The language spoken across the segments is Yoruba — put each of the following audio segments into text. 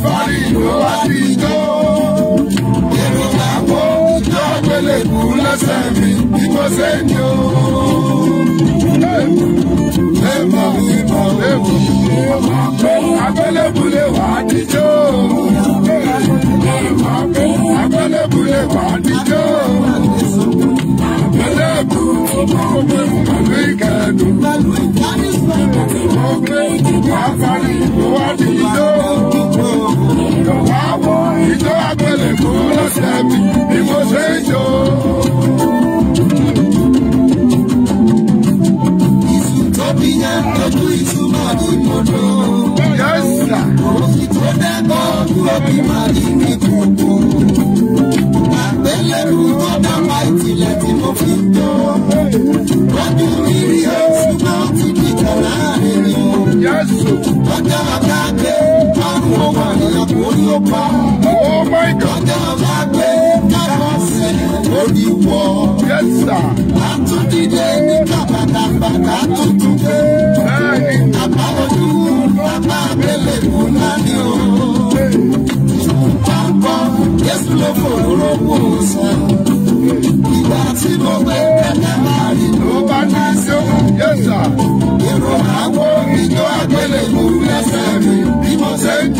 àfọ́rí ló wá bí jó. Irun àpò jọ gbélébù lẹ́sẹ̀ mi bí mo ṣe ń jó. Lémo mi mọ̀ léwu, mọ̀ pé agbélébù lè wá díjó. Mọ̀ pé agbélébù lè wá díjó. Àgbékanu. Òkè àfàlì ìwà ni ìjọ. Ìjọba wọ ìjọ abẹ́lẹ̀ kó lọ́sẹ̀ mi ni mo ṣe ń jọ. Tóbi yẹn lójú ìtumọ̀ ìmọ̀dọ́. Òsì tó dẹ́kọ̀ ojú òbí máa lọ́sẹ̀ lórí wọ. Àtúndìde ní kàbàtàbàtà tuntun kò. Bàbá ojú bàbá abẹ́lẹ̀ kù láti o. Pàpọ̀ Jésù ló fòróró wò sàn. Ìgbà tí mo gbé kẹ̀kẹ́ máa rí ló bá ní sí o. Èrò àwọn ìjọ agbélébùú lẹ́sẹ̀ mi bí mo ṣe ń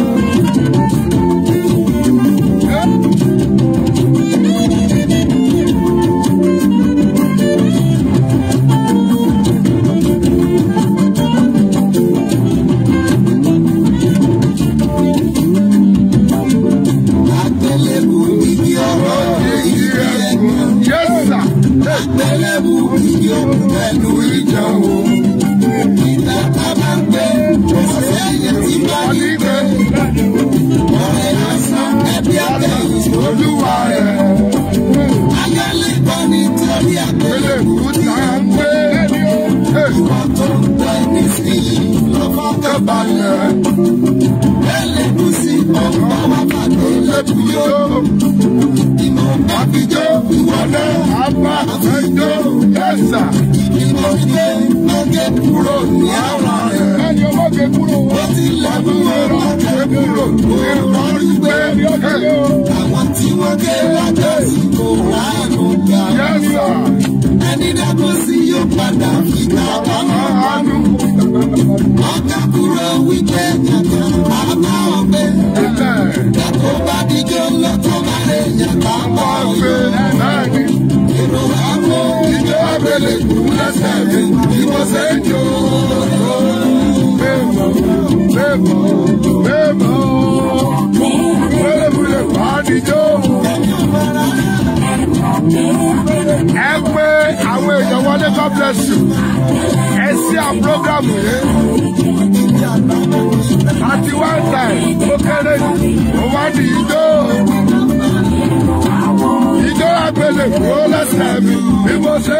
balẹ̀. Ẹlẹ́gùsí ọ̀pá wa pàdé lẹ́kùn yó. Ìmọ̀ àfijọ́ ìwọlé apá àfẹ́jọ́ ẹ̀sà. Ìmọ̀ ìgbé lọ́gẹ̀ kúrò ní àwọn rẹ̀. kekulo wọ́tí lágbóhùn ẹ̀rọ kekulo ìrọ̀rùn ìgbẹ́ ẹ̀kẹ́. àwọn tí wọ́n gé lájọ́ sí kò wá àgùntà. ẹni dágbó sí yóò padà fìkà pàmò. ọ̀gá kúrò wípé yàtọ̀ bàbá ọ̀bẹ. kẹ́kọ̀ọ́ bá bébò bébò pélébùlẹ̀ pàdíjọ́. God bless you ẹ sí à programu one time ó kéré ó wá ní ijó ijó àgbélé kúrò lẹ́sẹ̀ mi bí mo ṣe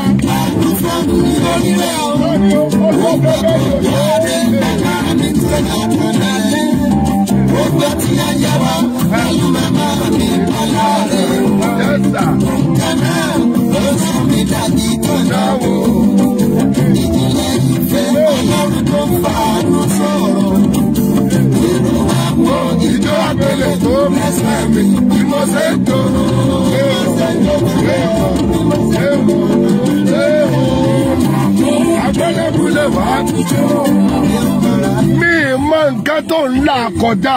Ìjìnlẹ̀ ìfẹ́ ọlọ́run tó fa àrùn sọ̀rọ̀ abẹ́lẹ̀ tó ẹ̀mí tí mo ṣe ń tó léèmọ̀ léèmọ̀ léèmọ̀ mi mọ nǹkan tó ń là kọjá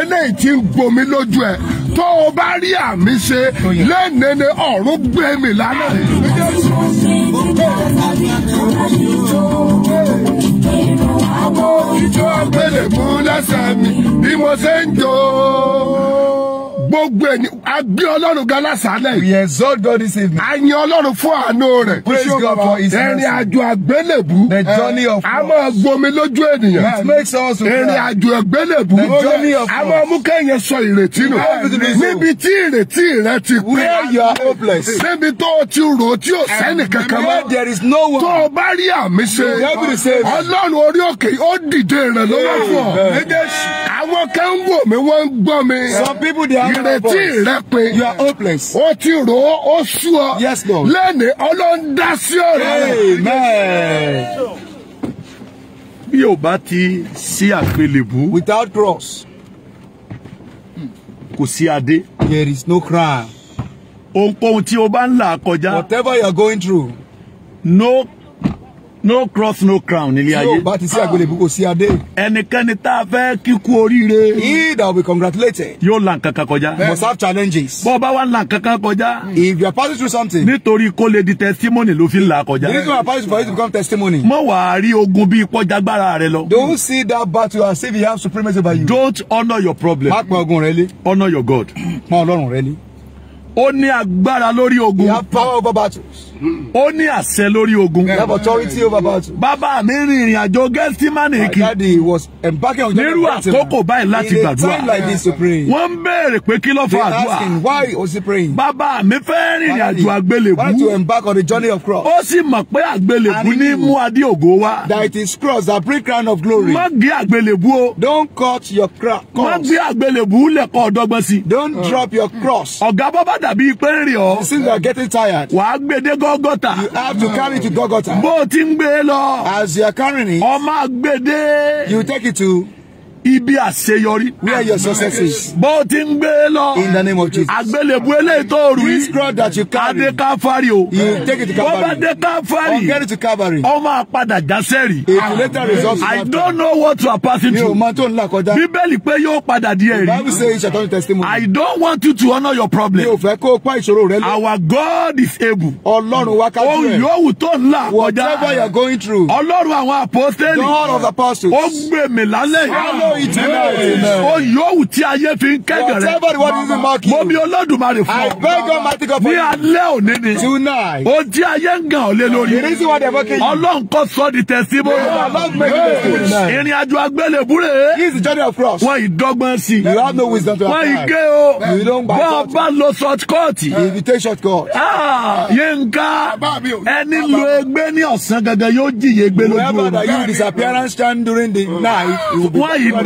eléyìí ti ń gbomi lójú ẹ tó o bá rí àmì ṣe lẹ́nìí ni ọ̀run gbé lánàá wo ijó àgbélébú lẹ́sẹ̀ mi bí mo ṣe ń jó gbogbo ẹni a ọlọ́run gan lásàálẹ̀. we exalt God this evening. a yin ọlọ́run fún àánú rẹ̀. praise God for his mercy. ìrìn àjò àgbélébù. the journey of God. a máa gbomi lójú ènìyàn. it makes us to cry. ìrìn àjò the journey of God. a máa mú kẹ́yìn sọ ìrètí nù. níbi tí ìrètí rẹ ti pé. where you are hopeless. níbi tó o ti rò tí o sẹ́ni kankan mọ́. where there is no one. tó o bá rí àmì ṣe. the devil is saying. ọlọ́run orí òkè ó dìde rẹ̀ lọ́wọ́ fún ọ. àwọn kan ń wò mí wọ́n ń gbọ́ mi. some people dey have no voice. ìrètí rẹ pe. you are hopeless. o ti rò ó ó sú ọ. yes lord. lẹ́nu ọlọ́run dá sí ọ̀rọ̀ amen. bí o bá ti sí àgbélébù. without cross. kò sí adé. there is no crown. ohunkóhun tí o bá ń là kọjá. whatever you are going through. no no cross no crown nílé ayé. tí o bá ti sí àgbélébùú kò sí adé. ẹnikẹ́ni tá a fẹ́ kíkú oríire. he that will be congratulated. yóò la nǹkan kan kọjá. must have challenges. bọ́ ọ bá wà la nǹkan kọjá. if you are passing through something. nítorí kó lè di testimony ló fi ń là kọjá. the reason why I pass for you to become testimony. mọ wàá rí ogun bí ìpọ́jágbára rẹ lọ. don't see that battle as if you have supremacy by you. don't honour your problem. má pọn ogun rẹ lé. honour your God. pọn Ọlọ́run rẹ lé. ó ní agbára lórí ogun. you have power over battles ó ní àṣẹ lórí ogun. have authority over battle. bàbá mi rìn ìrìn àjò Gẹ́símánì kì. My was embarking on journey. nírú àkókò báyìí láti gbàdúrà. In a time like this wọ́n ń béèrè pé kí ló fa àdúrà. why was he praying. bàbá mi fẹ́ rìn ìrìn àjò àgbélébú. Why to on the journey of cross. ó sì mọ̀ pé àgbélébú ní mú adé wá. That it is cross that bring of glory. má gé àgbélébú o. Don't cut your cross. má gbé àgbélébú lẹ́kọ̀ọ́ ọ̀dọ́gbọ́n sí. Don't uh. drop your cross. ọ̀gá dàbí pé ń rìn ọ. You seem getting tired. wàá gbé dégò Gọ́gọ́tà. You have to carry to Gọ́gọ́tà. Bó o ti ń gbé e lọ. As you are carrying it. Ọmọ agbede. You take it to ibi àṣeyọrí. where your success is. bó o ti ń gbé e lọ. in the name of Jesus. àgbélébùú eléyìí tó rù yìí. this cross that you carry. adé káfárì o. you take it to Calvary. bó bá dé or get it to Calvary. ọmọ àpadà jásẹ́rì. a later result. I don't know what you are passing through. mi ò mọ tó ń là kọjá. bíbélì pé yóò padà di ẹ̀rí. bible says it shall turn to testimony. I don't want you to honour your problem. mi ò fẹ́ kó o pa ìṣòro rẹ lọ. our God is able. ọlọ́run wákàtí rẹ. ohun yòówù tó ń là kọjá. whatever you are going through. ọlọ́run àwọn apostoli. God of the apostles. ó gbèmí lálẹ́ yìí it tonight. O yòówù tí ayé fi ń kẹ́gàn rẹ̀. Mo mi Olódùmarè fún ọ. Ní alẹ́ òní ni. O tí ayé ń gàn ọ́ lé lórí. Ọlọ́run kọ́ sọ di tẹ̀símọ́. Ìrìn àjò agbélébúrè. Wọ́n ìdọ́gbọ́n sí. Wọ́n ìgé o. Bọ́ọ̀ bá ah, lo short cut. Yínká ẹni lo egbe ní ọ̀sán gangan yóò jìyẹ egbe lójú o. Wọ́n yìí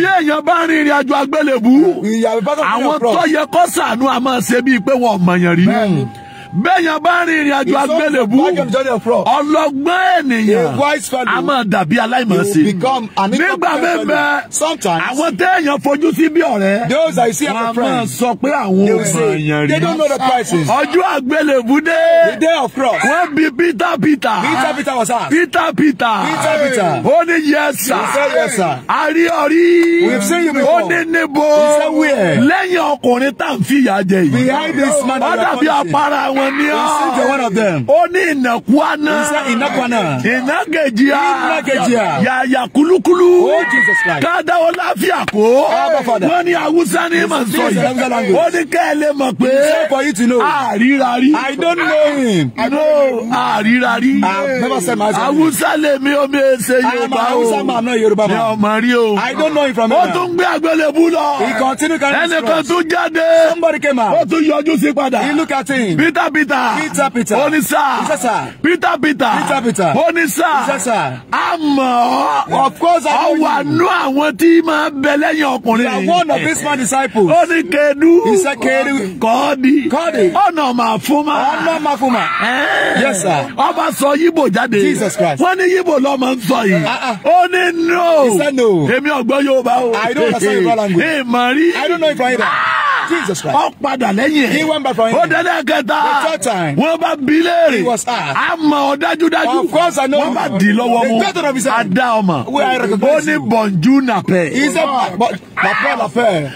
bí èèyàn bá rin ìrìn àjò àgbélébùú àwọn tó yẹ kó ṣàánú a ṣe bíi pé wọn ò mọ̀yàn rí bẹ́yàn bá rin ìrìn àjò agbélébú ọlọ́gbọ́n ènìyàn a máa dàbí aláìmọ̀ọ́sí nígbà mẹ́fẹ́ àwọn téèyàn fojú sí bí ọ̀rẹ́ wọn máa sọ pé àwọn èèyàn rí ọjọ́ agbélébú dé wọ́n bi Peter Peter Peter Peter ó ní yẹ́sà a rí ọrí ó ní níbo lẹ́yìn ọkùnrin tá à ń fìyà jẹ yìí ó dàbí apara wọn wọn ni ọ. He said you're one of them. Ó oh, ní ìnàkúáná. He said ìnàkúáná. Ìnàkejì a. Ìnàkejì a. Yàyà kulukulu. Oh Jesus Christ. Káda ó láfíà kó. Abba Father. Wọ́n ní Awúsá ní mà ń sọ yìí. Ó ní kẹ́ ẹ lè mọ̀ pé. He for you to know. Àríra ah, rí. I don't know him. I No, Ah, rí. I've never said my son. Awúsá lè mi omi ẹsẹ̀ Yorùbá o. I'm Awúsá man, not Yorùbá man. Mi ò Mario. I don't know him from Ghana. Ó tún gbé àgbélébú lọ. He continue carrying his cross. Ẹnìkan tún jáde. Somebody came out. Ó tún yọjú sí padà. He look at him. Peter Peter. Peter Peter. Onisa, ní Peter Peter. Peter Peter. Onisa, Onisa. sá. Of course I know you. Ọwọ́ àánú àwọn tí máa bẹ lẹ́yìn ọkùnrin. You are one of this man's disciples. Ó ní kedu. He said kedu. Kọ́ọ̀dì. Kọ́ọ̀dì. Ọ̀nà máa fún ma. Ọ̀nà máa fún ma. Yes sir. Ọba sọ Yíbò jáde. Jesus Christ. Wọ́n ní Yíbò lọ́mọ ń sọ yìí. Ah, ah. Ó ní no. He said no. Èmi ọ̀gbọ́n Yorùbá o. I don't understand Yorùbá language. Ìmọ̀rí. I don't know Ibrahim. Jesus Christ. ó padà lẹ́yìn ẹ̀. he went back from him. ó dẹ́dẹ́ kẹta. the third time. wọ́n bá bi léèrè. he was asked. a mọ̀ ọ́ dájúdájú. of course I know. wọ́n bá di lọ́wọ́ mu. the third of his hand. a dá ọmọ. we are recognizing. ó ní bonjour na pẹ́. he said pàpẹ́ na pẹ́.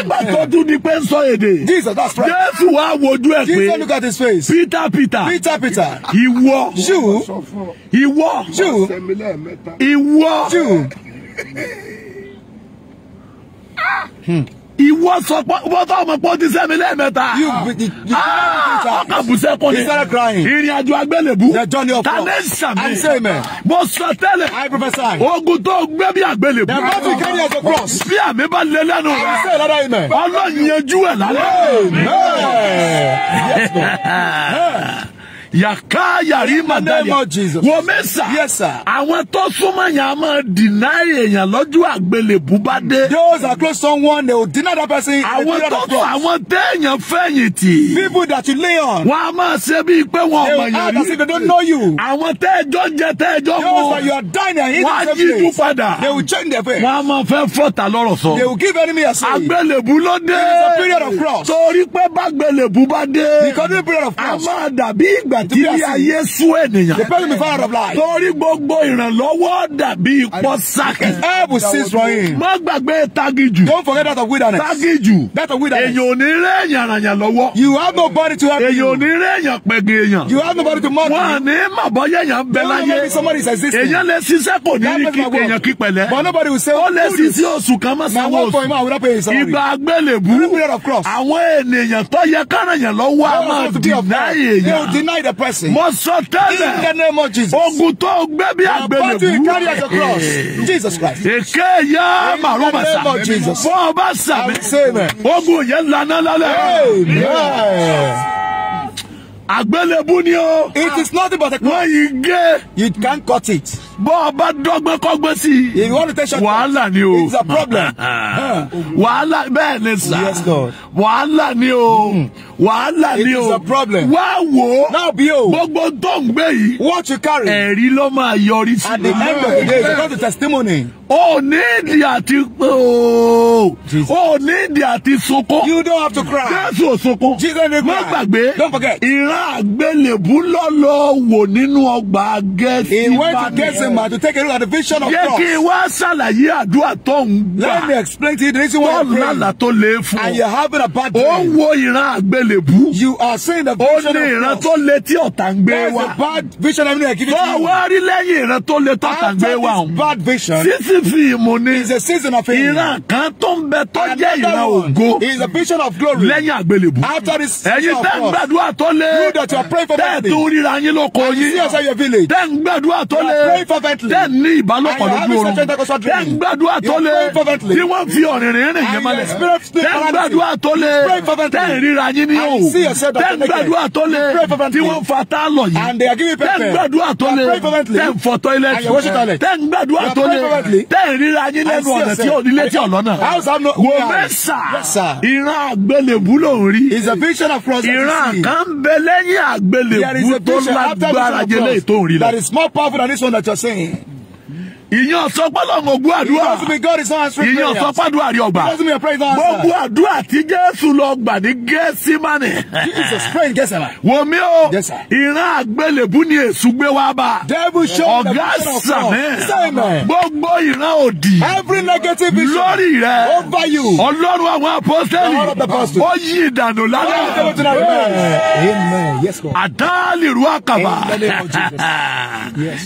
ìgbà tó tún di pé ń sọ èdè. Jesus that's right. Jésù wá wojú ẹ pé. Jesus look at his face. Peter Peter. Peter Peter. Ìwọ. Jù. Ìwọ. Jù. Ìwọ. Jù. Hmm ìwọ sọ pé wọ́n tó ọmọ pọ́ ti sẹ́mi lẹ́ẹ̀mẹ́ta. ọkà ah, bùsẹ̀ kọ́ ni ìrìn àjò agbélébú tani sàmì mo sọ tẹ́lẹ̀ ogun tó gbé bí agbélébú bí àmì bá lé lẹ́nu rẹ̀ ọlọ́yin yanjú ẹ̀ lálẹ́. yàká yàrí màdàlíà wò mẹ́sà àwọn tó súnmọ́ yẹn a máa deny èèyàn lọ́jọ́ àgbélébú bá dé. those are close someone they will deny that person. àwọn tó tún àwọn téèyàn fẹ̀yìntì. people that you lay on. wọ́n a máa ṣe bíi pé wọn ò mọ̀ yẹn rí. they will act as if they don't know you. àwọn tẹ́ẹ̀jọ́ jẹ tẹ́ẹ̀jọ́ mọ́. those that you are dying and eating the same place. wọ́n á yíjú padà. they will change their face. wọ́n a máa fẹ́ fọ́ta lọ́rọ̀ sọ. they will give enemy a say. àgbélébú ló dé. it is a period of cross. torí pé bá àgbélébú bá dé. the country period of cross. a máa dàbí ìgbà nàìjíríà sí. kí ayé sún ènìyàn. the person be fire of life. torí gbogbo ìrànlọ́wọ́ dàbí ipò sákì. help cease from him. má gbàgbé tágìjù. don't forget that of wilderness. tágìjù. that of wilderness. èyàn ò ní rẹ́ èyàn lọ́wọ́. you have nobody to help you. èyàn ò ní rẹ́ èyàn pẹ̀gẹ̀ èyàn. you have nobody to mark. you. wọ́n ní màbọ́yé èyàn bẹ láyé. somebody is existing. èyàn lè ṣiṣẹ́ kò ní kí èyàn kí pẹ̀lẹ́. but nobody will say. ó lè ṣiṣẹ́ oṣù kan má sanwó oṣù. ìgbà àgbélébú. àwọn ènìyàn tó yẹ káràyàn lọ́wọ́ a máa dìnnáyè èyàn person. Mo sọ In the name of Jesus. Ogun tó gbé bí àgbélébùú. The party carry as a cross. Eh. Jesus Christ. Èké ya màrún màsà. In the name of Jesus. Fún ọba sàmì. Ogun yẹn lana lálẹ́. Àgbélébùú ni o. It is nothing but a cross. Wọ́n yìí gé. You can't cut it bọ́ ọ bá dọ́gbọ́n kọ́gbọ́n sí i wàhálà ni o wàhálà bẹ́ẹ̀ ni sà wàhálà ni o hmm. wàhálà ni o wá wò ó gbogbo tó ń gbé yìí ẹ̀rí ló máa yọrí sí i. o ní ìdí àti o ní ìdí àti sunkún jésù sunkún má gbàgbé ìran àgbélébú lọ́lọ́ wò nínú ọgbà gẹ̀ẹ́sì bá ní person man to take a look at the vision of God. Yẹ kí n wá ṣàlàyé àdúrà tó ń Let me explain to you the reason why you pray. Tọ́lá And you're having a bad dream. You are saying the vision of God. Ó There is a bad vision I'm going to give you. Tọ́ wá After this bad vision. Sísìn Is a season of failure. Ìran kan tó Is a vision of glory. After this season of God. You that you praying for me. Tẹ́ẹ̀ And you see yourself your village. Tẹ́ praying for tẹ́ ní ìbálòpọ̀ lójú oorun tẹ́ ń gbàdúrà tó le tí wọ́n fi ọ̀rìnrìn rìn yẹn mọ́lẹ̀ tẹ́ ń gbàdúrà tó le tẹ́ ń ríra yín ní òwò tẹ́ ń gbàdúrà tó le tí wọ́n fa tá a lọ yìí tẹ́ ń gbàdúrà tó le tẹ́ ń fọ tọ́ilẹ̀tì tẹ́ ń gbàdúrà tó le tẹ́ ń ríra yín lẹ́nu ọ̀nà tí ò nílé tí ọ̀lọ́nà wò mẹ́sà ìran àgbélébú ló ń rí ìran kan bẹ lẹ́yìn àgbélébú tó lágbára jẹ́lé ètò òrìlẹ̀. saying ìyẹn ọ̀sọ́pọ̀ lọ́mọ ogún àdúrà ìyẹn ọ̀sọ́pọ̀ àdúrà rí ọgbà gbogbo àdúrà tí Jésù lọ gbà ní Gẹ́símánì wò mí o ìran àgbélébú ni èṣù gbé wá bá ọ̀gá sàmì gbogbo ìran òdì lórí rẹ ọlọ́run àwọn apọ́sẹ́lì ó yí ìdànù lálẹ́ àdáàlì ru àkàbà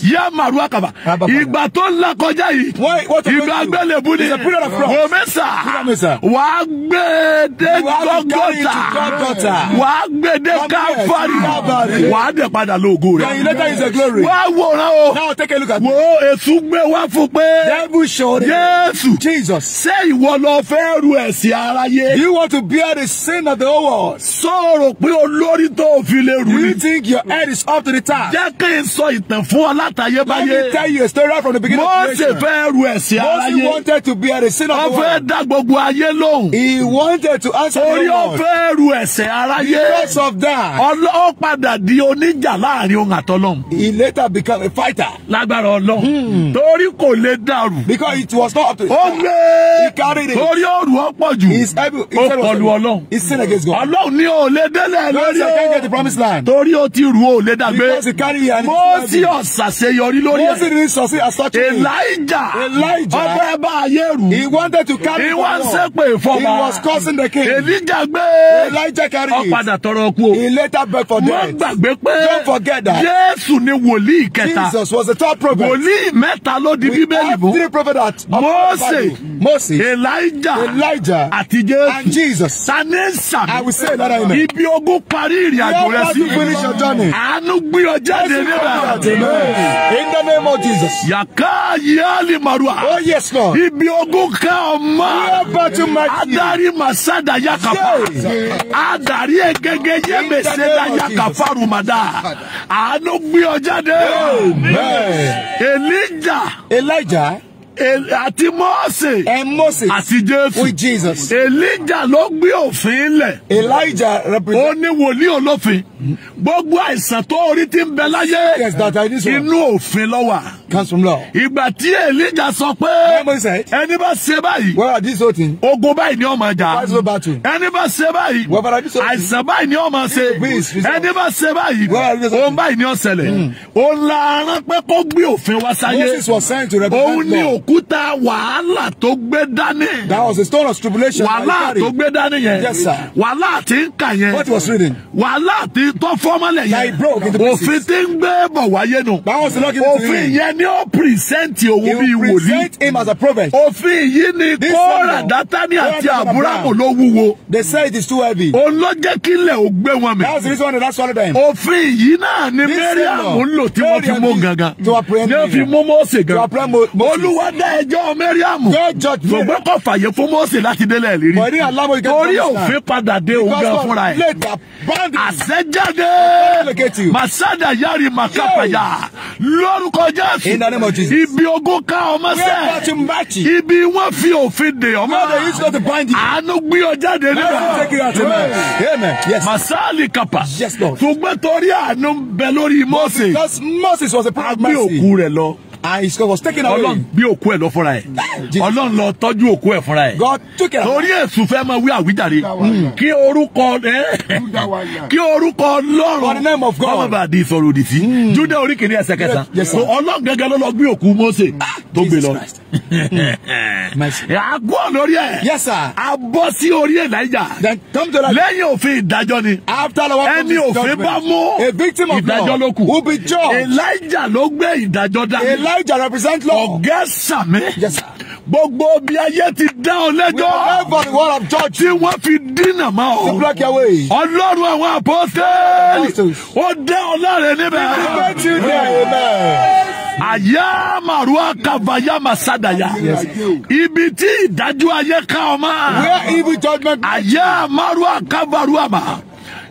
yá màrú àkàbà ìgbà tó tó ń la kọjá yìí ìlú agbélébú ni wòmísà wà á gbé dé gọ́gọ́tà wà á gbé dé káfárì wà á dẹ̀ padà lóògùn rẹ̀ wà á wòran o wò èsù gbé wá fún pé Jésù ṣé ìwọ lọ fẹ́ ru ẹ̀ṣẹ̀ aráyé. you want to bear the sin of the whole world. sọ̀rọ̀ pé olórí tó fi lè rù. you think your head is up to the task. jẹ́ kí n sọ ìtàn fún ọ látayébáyé. let me tell you a story right from the beginning. Moses fẹ́ ru ẹ̀ṣẹ̀ aráyé. Mósè wanted to be a sin of the world. Ó fẹ́ dá gbogbo ayé lóhùn. He wanted to answer the Lord. Orí ó fẹ́ ru ẹ̀ṣẹ̀ aráyé. Because of that. Ó padà di oníjà láàrin òun àtọ́lọ́hùn. He later became a fighter. Lágbára Ọlọ́run. Hmm. Torí kò lè dàrú. Because it was not up to his power. Ó gbé. He carried it. Torí òru ó jù. His heavy his head was heavy. Ó kọlu He sinned against God. Ọlọ́run ní ò lè délẹ̀ lórí o. Mósè can't get the promised land. Torí ó ti rù ó lè dàgbé. Because he carried it and he sinned against God. Mósè ọ̀sàṣeyọrí lórí as such Elijah. Elijah. Ọba ẹba ayé rù. He wanted to carry the law. He was ṣépè fọba. He was cursing the king. Elijah gbé. Elijah carry it. Ó padà tọrọ kú o. He later begged for death. Wọ́n gbàgbé pé. Don't forget that. Jésù ni wòlíì kẹta. Jesus was the top prophet. Wòlíì mẹ́ta ló di Bíbélì mú. We have three prophets that. Mose. Mose. Elijah. Elijah. Àti Jésù. And Jesus. Sani Sami. I will say that I know. Ibi ogun parí ìrìn àjò rẹ sí. You have to finish your journey. Àánú gbé ọjà dé nígbà. In the name of Jesus. Yàká yíyáàlì màrúwà. oh yes lord. ibi ogun ká ọmọ. Adari bá masada yakapa. Adari egege yemeseda yakafa rumada. Ano gbé ọ jáde. elijah. elijah àti mọ́ọ̀sì. ẹ mọ́ọ̀sì. àti jésù. with jesus. elijah ló gbé òfin lẹ̀. elijah represent. ó ní wòlíì olófin. gbogbo àìsàn tó orí ti ń bẹ láyé. yes that i need to. inú òfin ló Council Ìgbà tí Elijah sọ pé ẹni bá ṣe báyìí. Where are these things? Ogun báyìí ni ó máa jà. Where is the Ẹni bá ṣe báyìí. Where are these things? Àìsàn báyìí ni ó ṣe. Ẹni bá ṣe báyìí. Where are these things? Òun báyìí ni ó ṣẹlẹ̀. Òun la aràn pé kó gbé òfin wá sáyé. Moses was sent to represent God. Òun ni òkúta wàhálà tó gbé dání. That was a stone of tribulation. Wàhálà tó gbé dání yẹn. Yes sir. Wàhálà tí ń kà yẹn. What was reading? Wàhálà tí tó fọ́mọ́lẹ̀ yẹn ni ó present him as a prophet. òfin yìí ni kóra dátánì àti àbúrámù ló wúwo. they say it is too wọn mi. that's the reason them. ni mẹ́ríàmù ń lò tí wọ́n fi mú gangan. to apprehend me. ní òfin gan. to apprehend Mósè. olúwa dá ẹjọ́ mẹ́ríàmù. God judge me. ṣùgbọ́n kò fàyè fún Mósè láti délẹ̀ gan fúnra ẹ̀. àṣẹjáde masada yari makapaya lórúkọ Jésù of jésù ibi ogun ká ọmọ sẹ ibi wọn fi òfin de ọmọ àánú gbé ọ Amen. Yes. masali kapa ṣùgbọ́n torí àánú bẹ lórí mọ́sẹ̀ àgbẹ̀ òkú rẹ̀ lọ and his cup was taken away. Ọlọ́run bí òkú ẹ̀ lọ fúnra ẹ̀ Ọlọ́run lọ tọ́jú òkú ẹ̀ fúnra ẹ̀. God took it away. torí èsù fẹ́ máa wí àwíjàre kí orúkọ kí orúkọ Ọlọ́run ọmọ bàdí ìsọ̀rọ̀ òdì sí hmm. Júdà orí kìíní ẹsẹ̀ kẹsàn so Ọlọ́run gẹ́gẹ́ ló lọ gbé òkú Mósè ah, tó gbé lọ. àgọ́ lórí ẹ̀ a bọ́ sí orí Èlíjà lẹ́yìn òfin ìdájọ́ ni ẹni òfin bá mú ìdájọ́ ló kù Èlíjà ló gbé ìdájọ́ dání marriage and represent Lord. ọ̀gá sàmì. yes sir. gbogbo bí ayé ti dá ọ lẹ́jọ́. we pray for the word of church. tí wọ́n fi dínà máa o. to block your way. ọlọ́run àwọn apọ́sẹ́lì. ó dá ọ láre níbẹ̀. we pray to you there amen àyà màrúwà kàfàyà màsàdàyà ibi tí ìdájọ́ ayé ká ọ máa àyà màrúwà kàfàrúwà máa.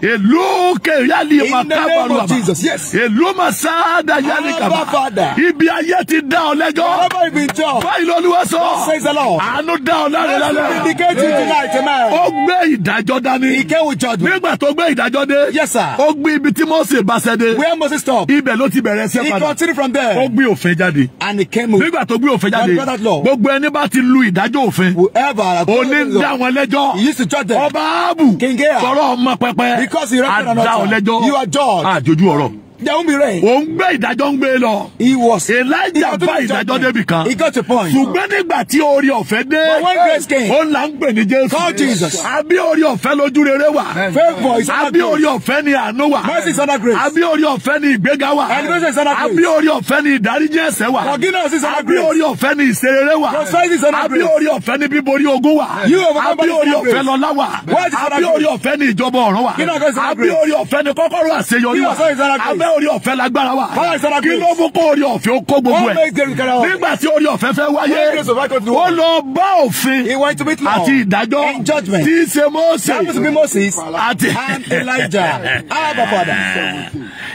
Eluke yali makabaru aba. Yes. Eluma sada yali kaba. Ibi ayé ti dá ọ lẹ́jọ́. Báyìí lọ́lúwa sọ. Àánú dá ọ lálẹ́ lálẹ́. Ó gbé ìdájọ́ dání. Nígbà tó gbé ìdájọ́ dé. Ó gbé ibi tí Mose bá ṣẹ́ dé. Ibẹ̀ ló ti bẹ̀rẹ̀ ṣẹ́ padà. Ó gbé òfin jáde. Nígbà tó gbé òfin jáde. Gbogbo ẹni bá ti lu ìdájọ́ òfin. Òní ń dá wọn lẹ́jọ́. Ọba Abu sọ̀rọ̀ ọmọ pẹpẹ because you reckoned another. you are judged. àjòjú ah, ọ̀rọ̀. Jẹun mi rẹ̀. Òun gbé ìdájọ́ ń gbé lọ. He was. Elijah bá ìdájọ́ débi kan. He got a point. Ṣùgbọ́n nígbà tí orí ọ̀fẹ́ dé. But when grace came. Ó là ń pè ní Jésù. Call Jesus. Àbí orí ọ̀fẹ́ lójú rere wà. Favour is under grace. Àbí orí ọ̀fẹ́ ni àánú wà. Mercy is under grace. Àbí orí ọ̀fẹ́ ni ìgbéga wà. Elevation is under grace. Àbí orí ọ̀fẹ́ ni ìdáríjì ẹ̀ṣẹ̀ wà. Forgiveness is under grace. Àbí orí ọ̀fẹ́ ni ìṣerere wà. Prosperity is under grace. Àbí orí ọ̀fẹ́ ni bíborí ogún wà. You overcome by the grace. Àbí orí ọ̀fẹ́ lọ́lá wà. Where is under grace? Àbí orí grace? Àbí orí ọ̀fẹ́ ni kọ́kọ́rọ́ àṣeyọrí wà. Kí ni ọ̀gá is grace? fẹ́ orí ọ̀fẹ́ lágbára wa kí ló mú kó orí ọ̀fẹ́ ó kó gbogbo ẹ̀ nígbà tí orí ọ̀fẹ́ fẹ́ wáyé ó lọ bá òfin àti ìdájọ́ tí í ṣe Mósè àti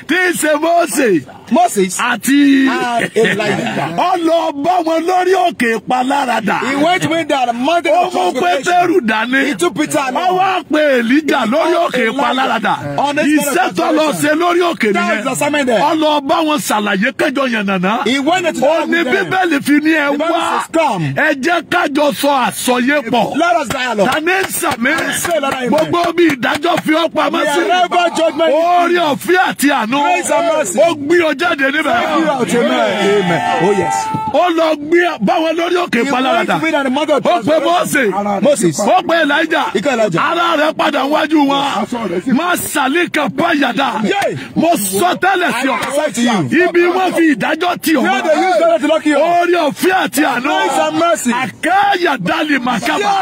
tí í ṣe Mósè. Moses àti ọlọ́ọ̀bá wọn lórí òkè ìpaláradà. He went with that mountain of transformation. Ó mú Pétérù dání. He took Peter along. Ó wá pe Èlíjà lórí òkè ìpaláradà. Iṣẹ́ tó lọ ṣe lórí òkè nìyẹn his assignment there. ọlọ bá wọn ṣàlàyé kẹjọ yẹn nana. he went to the house with them. òní bíbélì fi ní ẹ wá ẹ jẹ́ kájọ sọ àsọyé pọ̀. let us dialogue. tani sàmì gbogbo bí ìdájọ́ fi ọ́ pamọ́ sí. the rival judgment. orí ọ̀fíà àti àánú. praise and mercy. ó gbé ọ jáde níbẹ̀. ó gbé ọ jáde níbẹ̀. amen. oh yes. ó lọ gbé báwọn lórí òkè ìpaláradà. ó pe Moses. ó pe Elijah. ara rẹ̀ padà wájú wọn. má sàlíkà bá mo sọ sọ tẹ́lẹ̀ sí ọ. Ibi wọ́n fi ìdájọ́ ti ọ. Orí ọ̀fẹ́ àti àná. Àkáyà dálì màkàbà.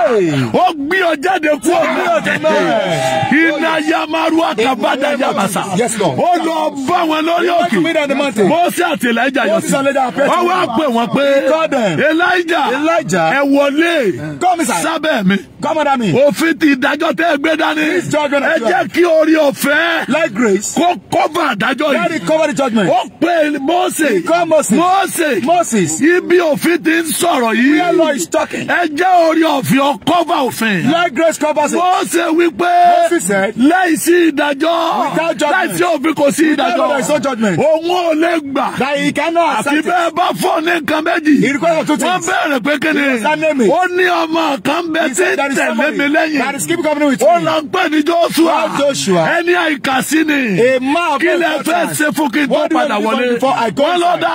Ó gbé ọ jáde kú ọ̀nà tẹ̀lé. Iná yamaru àkàbàdà yamasa. Ó lọ bá wọn lórí òkè. Mọ́sí àti Elijah yọ sí. Wọ́n wá pè wọ́n pé Elijah ẹ wọlé sábẹ́ mi. Òfin ti ìdájọ́ tẹ́ gbé dání. Ẹ jẹ́ kí orí ọ̀fẹ́ kó kọ́bà dájọ́ ìdájọ́ yìí. Let it cover judgment. Ó pe Moses. He called Moses. Mose. Moses. Ibi òfin ti ń sọ̀rọ̀ yìí. Where law is talking. Ẹ jẹ́ orí ọ̀fìn ọ̀kọ́fà òfin. Let grace cover it. Mose wí pé. Moses said. Láì sí ìdájọ́. Without judgment. Láì sí òfin kò sí ìdájọ́. Without there is no judgment. Òun ò lè gbà. That he cannot accept it. Àfi bẹ́ẹ̀ bá fọ́ ní nǹkan méjì. He requires two things. Wọ́n bẹ̀rẹ̀ pé kéde. Ó ní ọmọ kan bẹ tí tẹ̀lé mi lẹ́yìn. That is keep company with me. Ó lọ gbẹ́ ní Joshua. Joshua. Ẹni àìkàsí ni fẹ́ ṣe fún kí tó padà wọlé wọn lọ́dà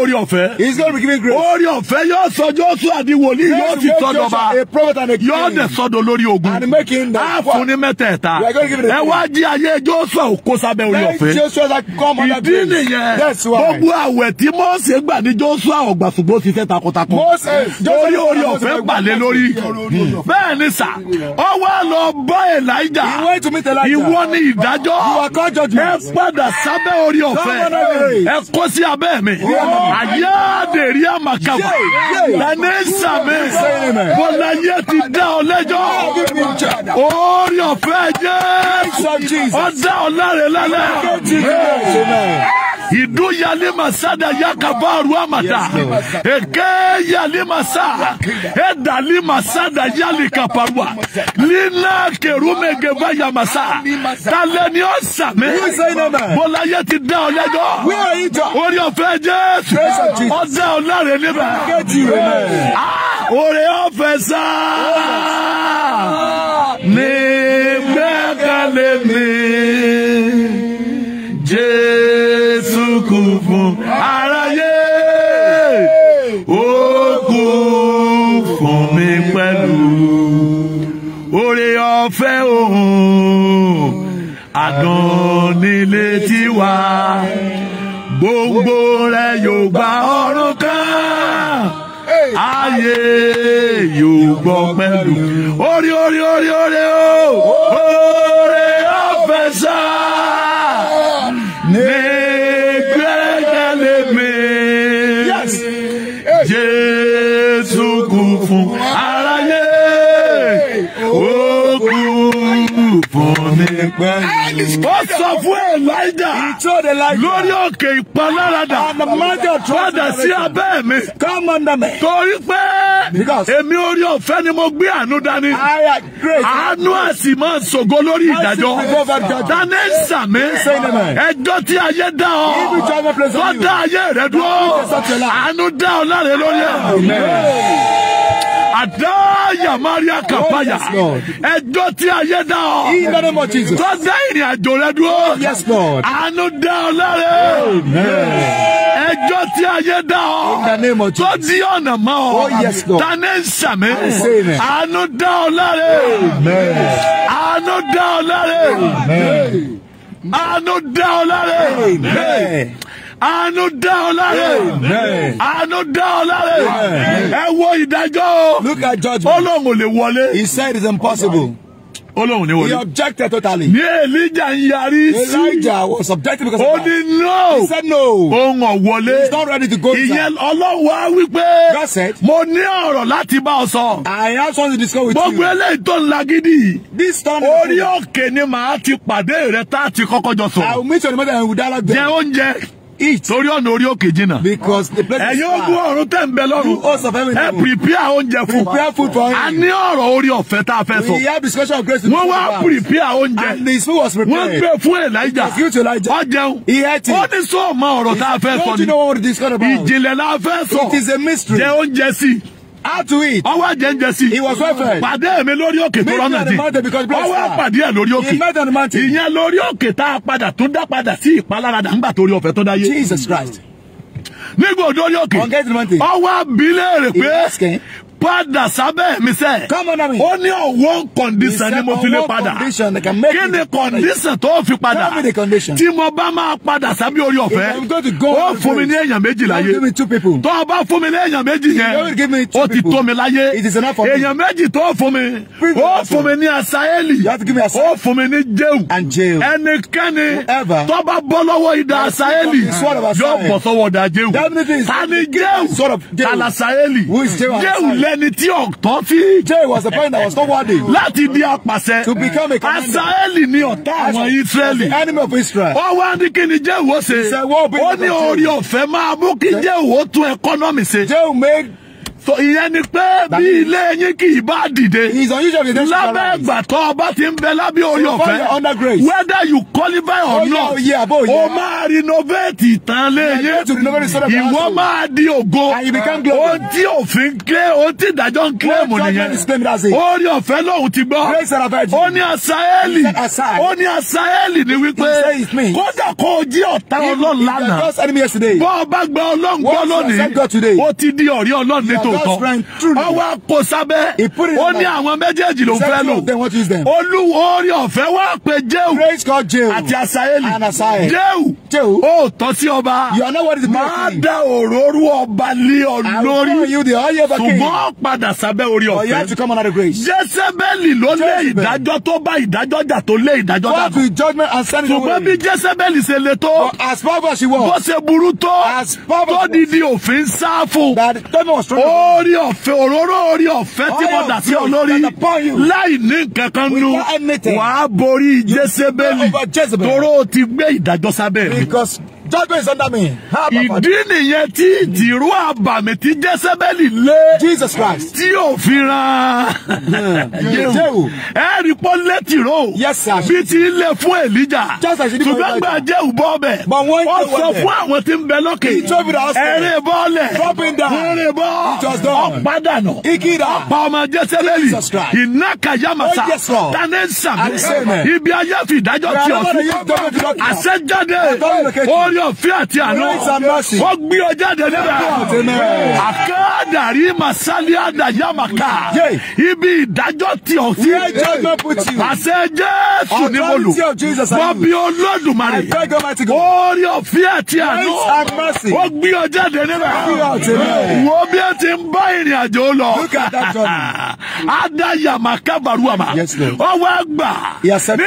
orí ọ̀fẹ́ orí ọ̀fẹ́ yóò sọ Jósù àti wòlíì yóò fi sọdọba yóò dẹ̀ sọdọ lórí ogun á mẹ́tẹ̀ẹ̀ta ẹ wá jí ayé Jósù kó sábẹ́ orí ọ̀fẹ́ ìdí nìyẹn gbogbo àwẹ̀ tí Mósè gbà ní Jósù ọ̀gbà ṣùgbọ́n ṣiṣẹ́ takuntakun lórí orí ọ̀fẹ́ gbàlé lórí bẹ́ẹ̀ ni sà ọ lọ bá Èlíjà ìwọ ni ìdájọ́ ẹ padà sábẹ́ orí ọ̀fẹ́ ẹ kó sí abẹ́ mi àyà àdèrí àmàkàwà lẹ́ni sàmì bọ́lá yẹ ti dá ọ lẹ́jọ́ orí ọ̀fẹ́ jẹ́ ọ dá ọ láre lálẹ́ idu yalima sada yakaba ruamata eke yalima sa edalima ah. sada yalikaparua lina kerumegeva yamasa talẹni ọsàmẹ bọlá yẹ ti dá ọ lẹ́jọ́ orí ọ̀fẹ́ Jésù ọdá ọ láre níbẹ̀ orí ọ̀fẹ́ sá ní gbẹ́kẹ̀lé mi mi pẹ̀lú oore ọ̀fẹ́ òun àdánilé tiwa gbogbo rẹ̀ yóò gba ọ̀run kan ayé yóò gbọ́ pẹ̀lú orí orí orí orí o. o. ó sọ fún Elijah lórí òkè ìpaláradà ah, padà sí abẹ́ mi torí pé èmi orí ọ̀fẹ́ ni mo gbé àánú dání àánú àsì máa ṣògo lórí ìdájọ́ dání sàmí ẹjọ́ tí ayé dá ọ tó dá ayé rẹ dúró àánú dá ọ láre lórí ẹ. Àdáyà Máríà Kàpáyà. Ẹjọ́ tí ayé dá ọ. In the name of Jesus. Tó dá ìrìn àjò rẹ dúró. Yes Lord. Àánú dá ọ láre. Amen. Ẹjọ́ tí ayé dá ọ. In the name of Jesus. Tó di ọ̀nà mọ́ ọ. Oh yes Lord. Ta ní sàmì. Àánú dá ọ láre. Amen. Àánú dá ọ láre. Amen. Àánú dá ọ láre. Amen àánú dá ọ láre àánú dá ọ láre ẹ wo ìdájọ́ look at judgment Ọlọ́run lè wọlé he said it's impossible. Ọlọ́run ni wọlé. he objected totally. ní Elijah ń yarí sí. Elijah was subjected because of that. ó ní no. he said no. ohun ọ̀wọ́lé. he is not ready to go inside. ìyẹn Ọlọ́run wá wípé. God said. mo ní ọ̀rọ̀ láti bá ọ sọ. I have something to discuss with you. gbogbo eléyìí tó ń lagídí. this time. orí òkè ni màá ti pàdé rẹ tá a ti kọ́kọ́ jọ sọ. I will meet you on the matter and we will dialogue there. jẹ oúnjẹ eat. torí ọ̀nà orí òkè jìnnà. because the place is far. ẹ̀yin ogun ọ̀run tẹ̀ ń bẹ lọ́rùn. the host of heaven. ẹ prepare oúnjẹ fún wa. prepare food for him. a ní ọ̀rọ̀ orí ọ̀fẹ́ tá a fẹ́ sọ. we have discussion of grace. wọ́n wá prepare oúnjẹ. and his food was prepared. wọ́n gbé e fún Elijah. he was given to Elijah. ó jẹun. he had. it. ó ní sọ́ọ̀mọ ọ̀rọ̀ tá a fẹ́ sọ ni. don't you know what we discuss about. ìjìnlẹ̀ la fẹ́ sọ. it is a mystery. jẹ oúnjẹ sí i how to eat. ọwọ́ jẹ́njẹ́ sí. he was well fed. pàdé mi lórí òkè tó rọ́nà dì. ọwọ́ pàdé ẹ̀ lórí òkè. he met on the mountain. ìyẹn lórí òkè tá a padà tó dá padà sí ìpaláradà ńgbà torí ọ̀fẹ́ tó dáyé. Jesus Christ. nígbà odò orí òkè. on the mountain. ọwọ́ abilé rẹ̀ pé padà sábẹ́ mi sẹ́. ó ní ọ̀wọ́ kọ̀ǹdíṣàn ni mo fi lè padà. kí ni kọ̀ǹdíṣàn tó fi padà? tí mo bá máa padà sábẹ́ orí ọ̀fẹ́. ó fún mi ní èèyàn méjì láyé. tó o bá fún mi ní èèyàn méjì yẹn. ó ti tó mi láyé. èèyàn méjì tó fún mi. ó fún mi ní asaeli. ó fún mi ní jéhu. ẹnikẹ́ni tó bá bọ́ lọ́wọ́ idà asaeli yóò bọ̀ sọ́wọ́ idà jéhu. tani jéhu kalasaeli jéhu lẹ́ ẹni tí ọ̀tọ́ sí. jay was the point that was not worthy. láti di apàṣẹ. to become a commander. asaeli ni ọ̀tá àwọn israeli. the enemy of israel. ó wá ní kí ni jẹ́ ìwọ́sẹ̀. ó ní orí ọ̀fẹ́ máa mú kí jẹ́ ìwọ́ tún economy. ṣe. jay made so ìyẹn ni pé bí ilé yín kì í bá dìde lábẹ́ ìgbà tó ọba ti ń bẹ lábẹ́ orí ọ̀fẹ́ whether you qualify or oh, not o máa renovate ìtàn lé yín ìwọ máa di ògo o tí òfin clé o tí ìdájọ́ ń claim nìyẹn orí ọ̀fẹ́ lòun ti gbọ́ ó ní asaeli ó ní asaeli ni wípé kódà kó o jí ọ̀tá ọlọ́run lánàá bọ́ ọba gba ọlọ́run gbọ́ lónìí o ti di ọ̀rẹ́ ọlọ́run nítorí lóòótọ́ ọwọ́ kò sábẹ́ ó ní àwọn méjèèjì ló ń fẹ́ lò olúwo orí ọ̀fẹ́ wá pé jéhu àti asaeli jéhu ó tọ́ sí ọba máa dá òróró ọba lé ọ lórí ṣùgbọ́n padà sábẹ́ orí ọ̀fẹ́ jésébẹ́lì ló lé ìdájọ́ tó bá ìdájọ́ jà tó lé ìdájọ́ dàgbà ṣùgbọ́n bí jésébẹ́lì ṣe le tó bó ṣe burú tó tó di di òfin sáfù ó orí ọ̀fẹ́ òróró orí ọ̀fẹ́ tí mo dà sí olórí láì ní kankan nu wàá borí Jésébélì toró ti gbé ìdájọ́ sábẹ́ mi judgment is under me. ìdí nìyẹn tí ìdìrú àbàmì tí jésébélì lé. jesus christ. tí ò fi ran. Hmm. jéhu ẹ rí pọ́ létíró. yes sir. bí ti ń lé fún èlíjà. just as you did for elijah. ṣùgbọ́n gba jéhu bọ́ bẹ̀. but wọ́n ń tẹ̀wọ́ bẹ̀. ó sọ fún àwọn tí ń bẹ lókè. he told me that also. eré bọ́ọ̀lẹ̀. dropping down. eré bọ́. just down. ọ̀padànà. ikida. ọ̀pá ọmọ jésébélì. jesus christ. iná kàyámàsà. oh yes lord. tani sàmì. ibi ayé fi ìdájọ́ ti ọ̀ orí ọ̀fẹ́ àti àná ó gbé ọ jáde níbẹ̀ àkàdàrí màsálí àdàyàmàkà ibi ìdájọ́ tí ò sí àṣẹ jésù ni mo lò wọ́n bí olódùmarè orí ọ̀fẹ́ àti àná ó gbé ọ jáde níbẹ̀ wo bí ẹ ti ń bá ìrìn àjò lọ àdàyàmàkà bàrúwàmà ọwọ́ àgbà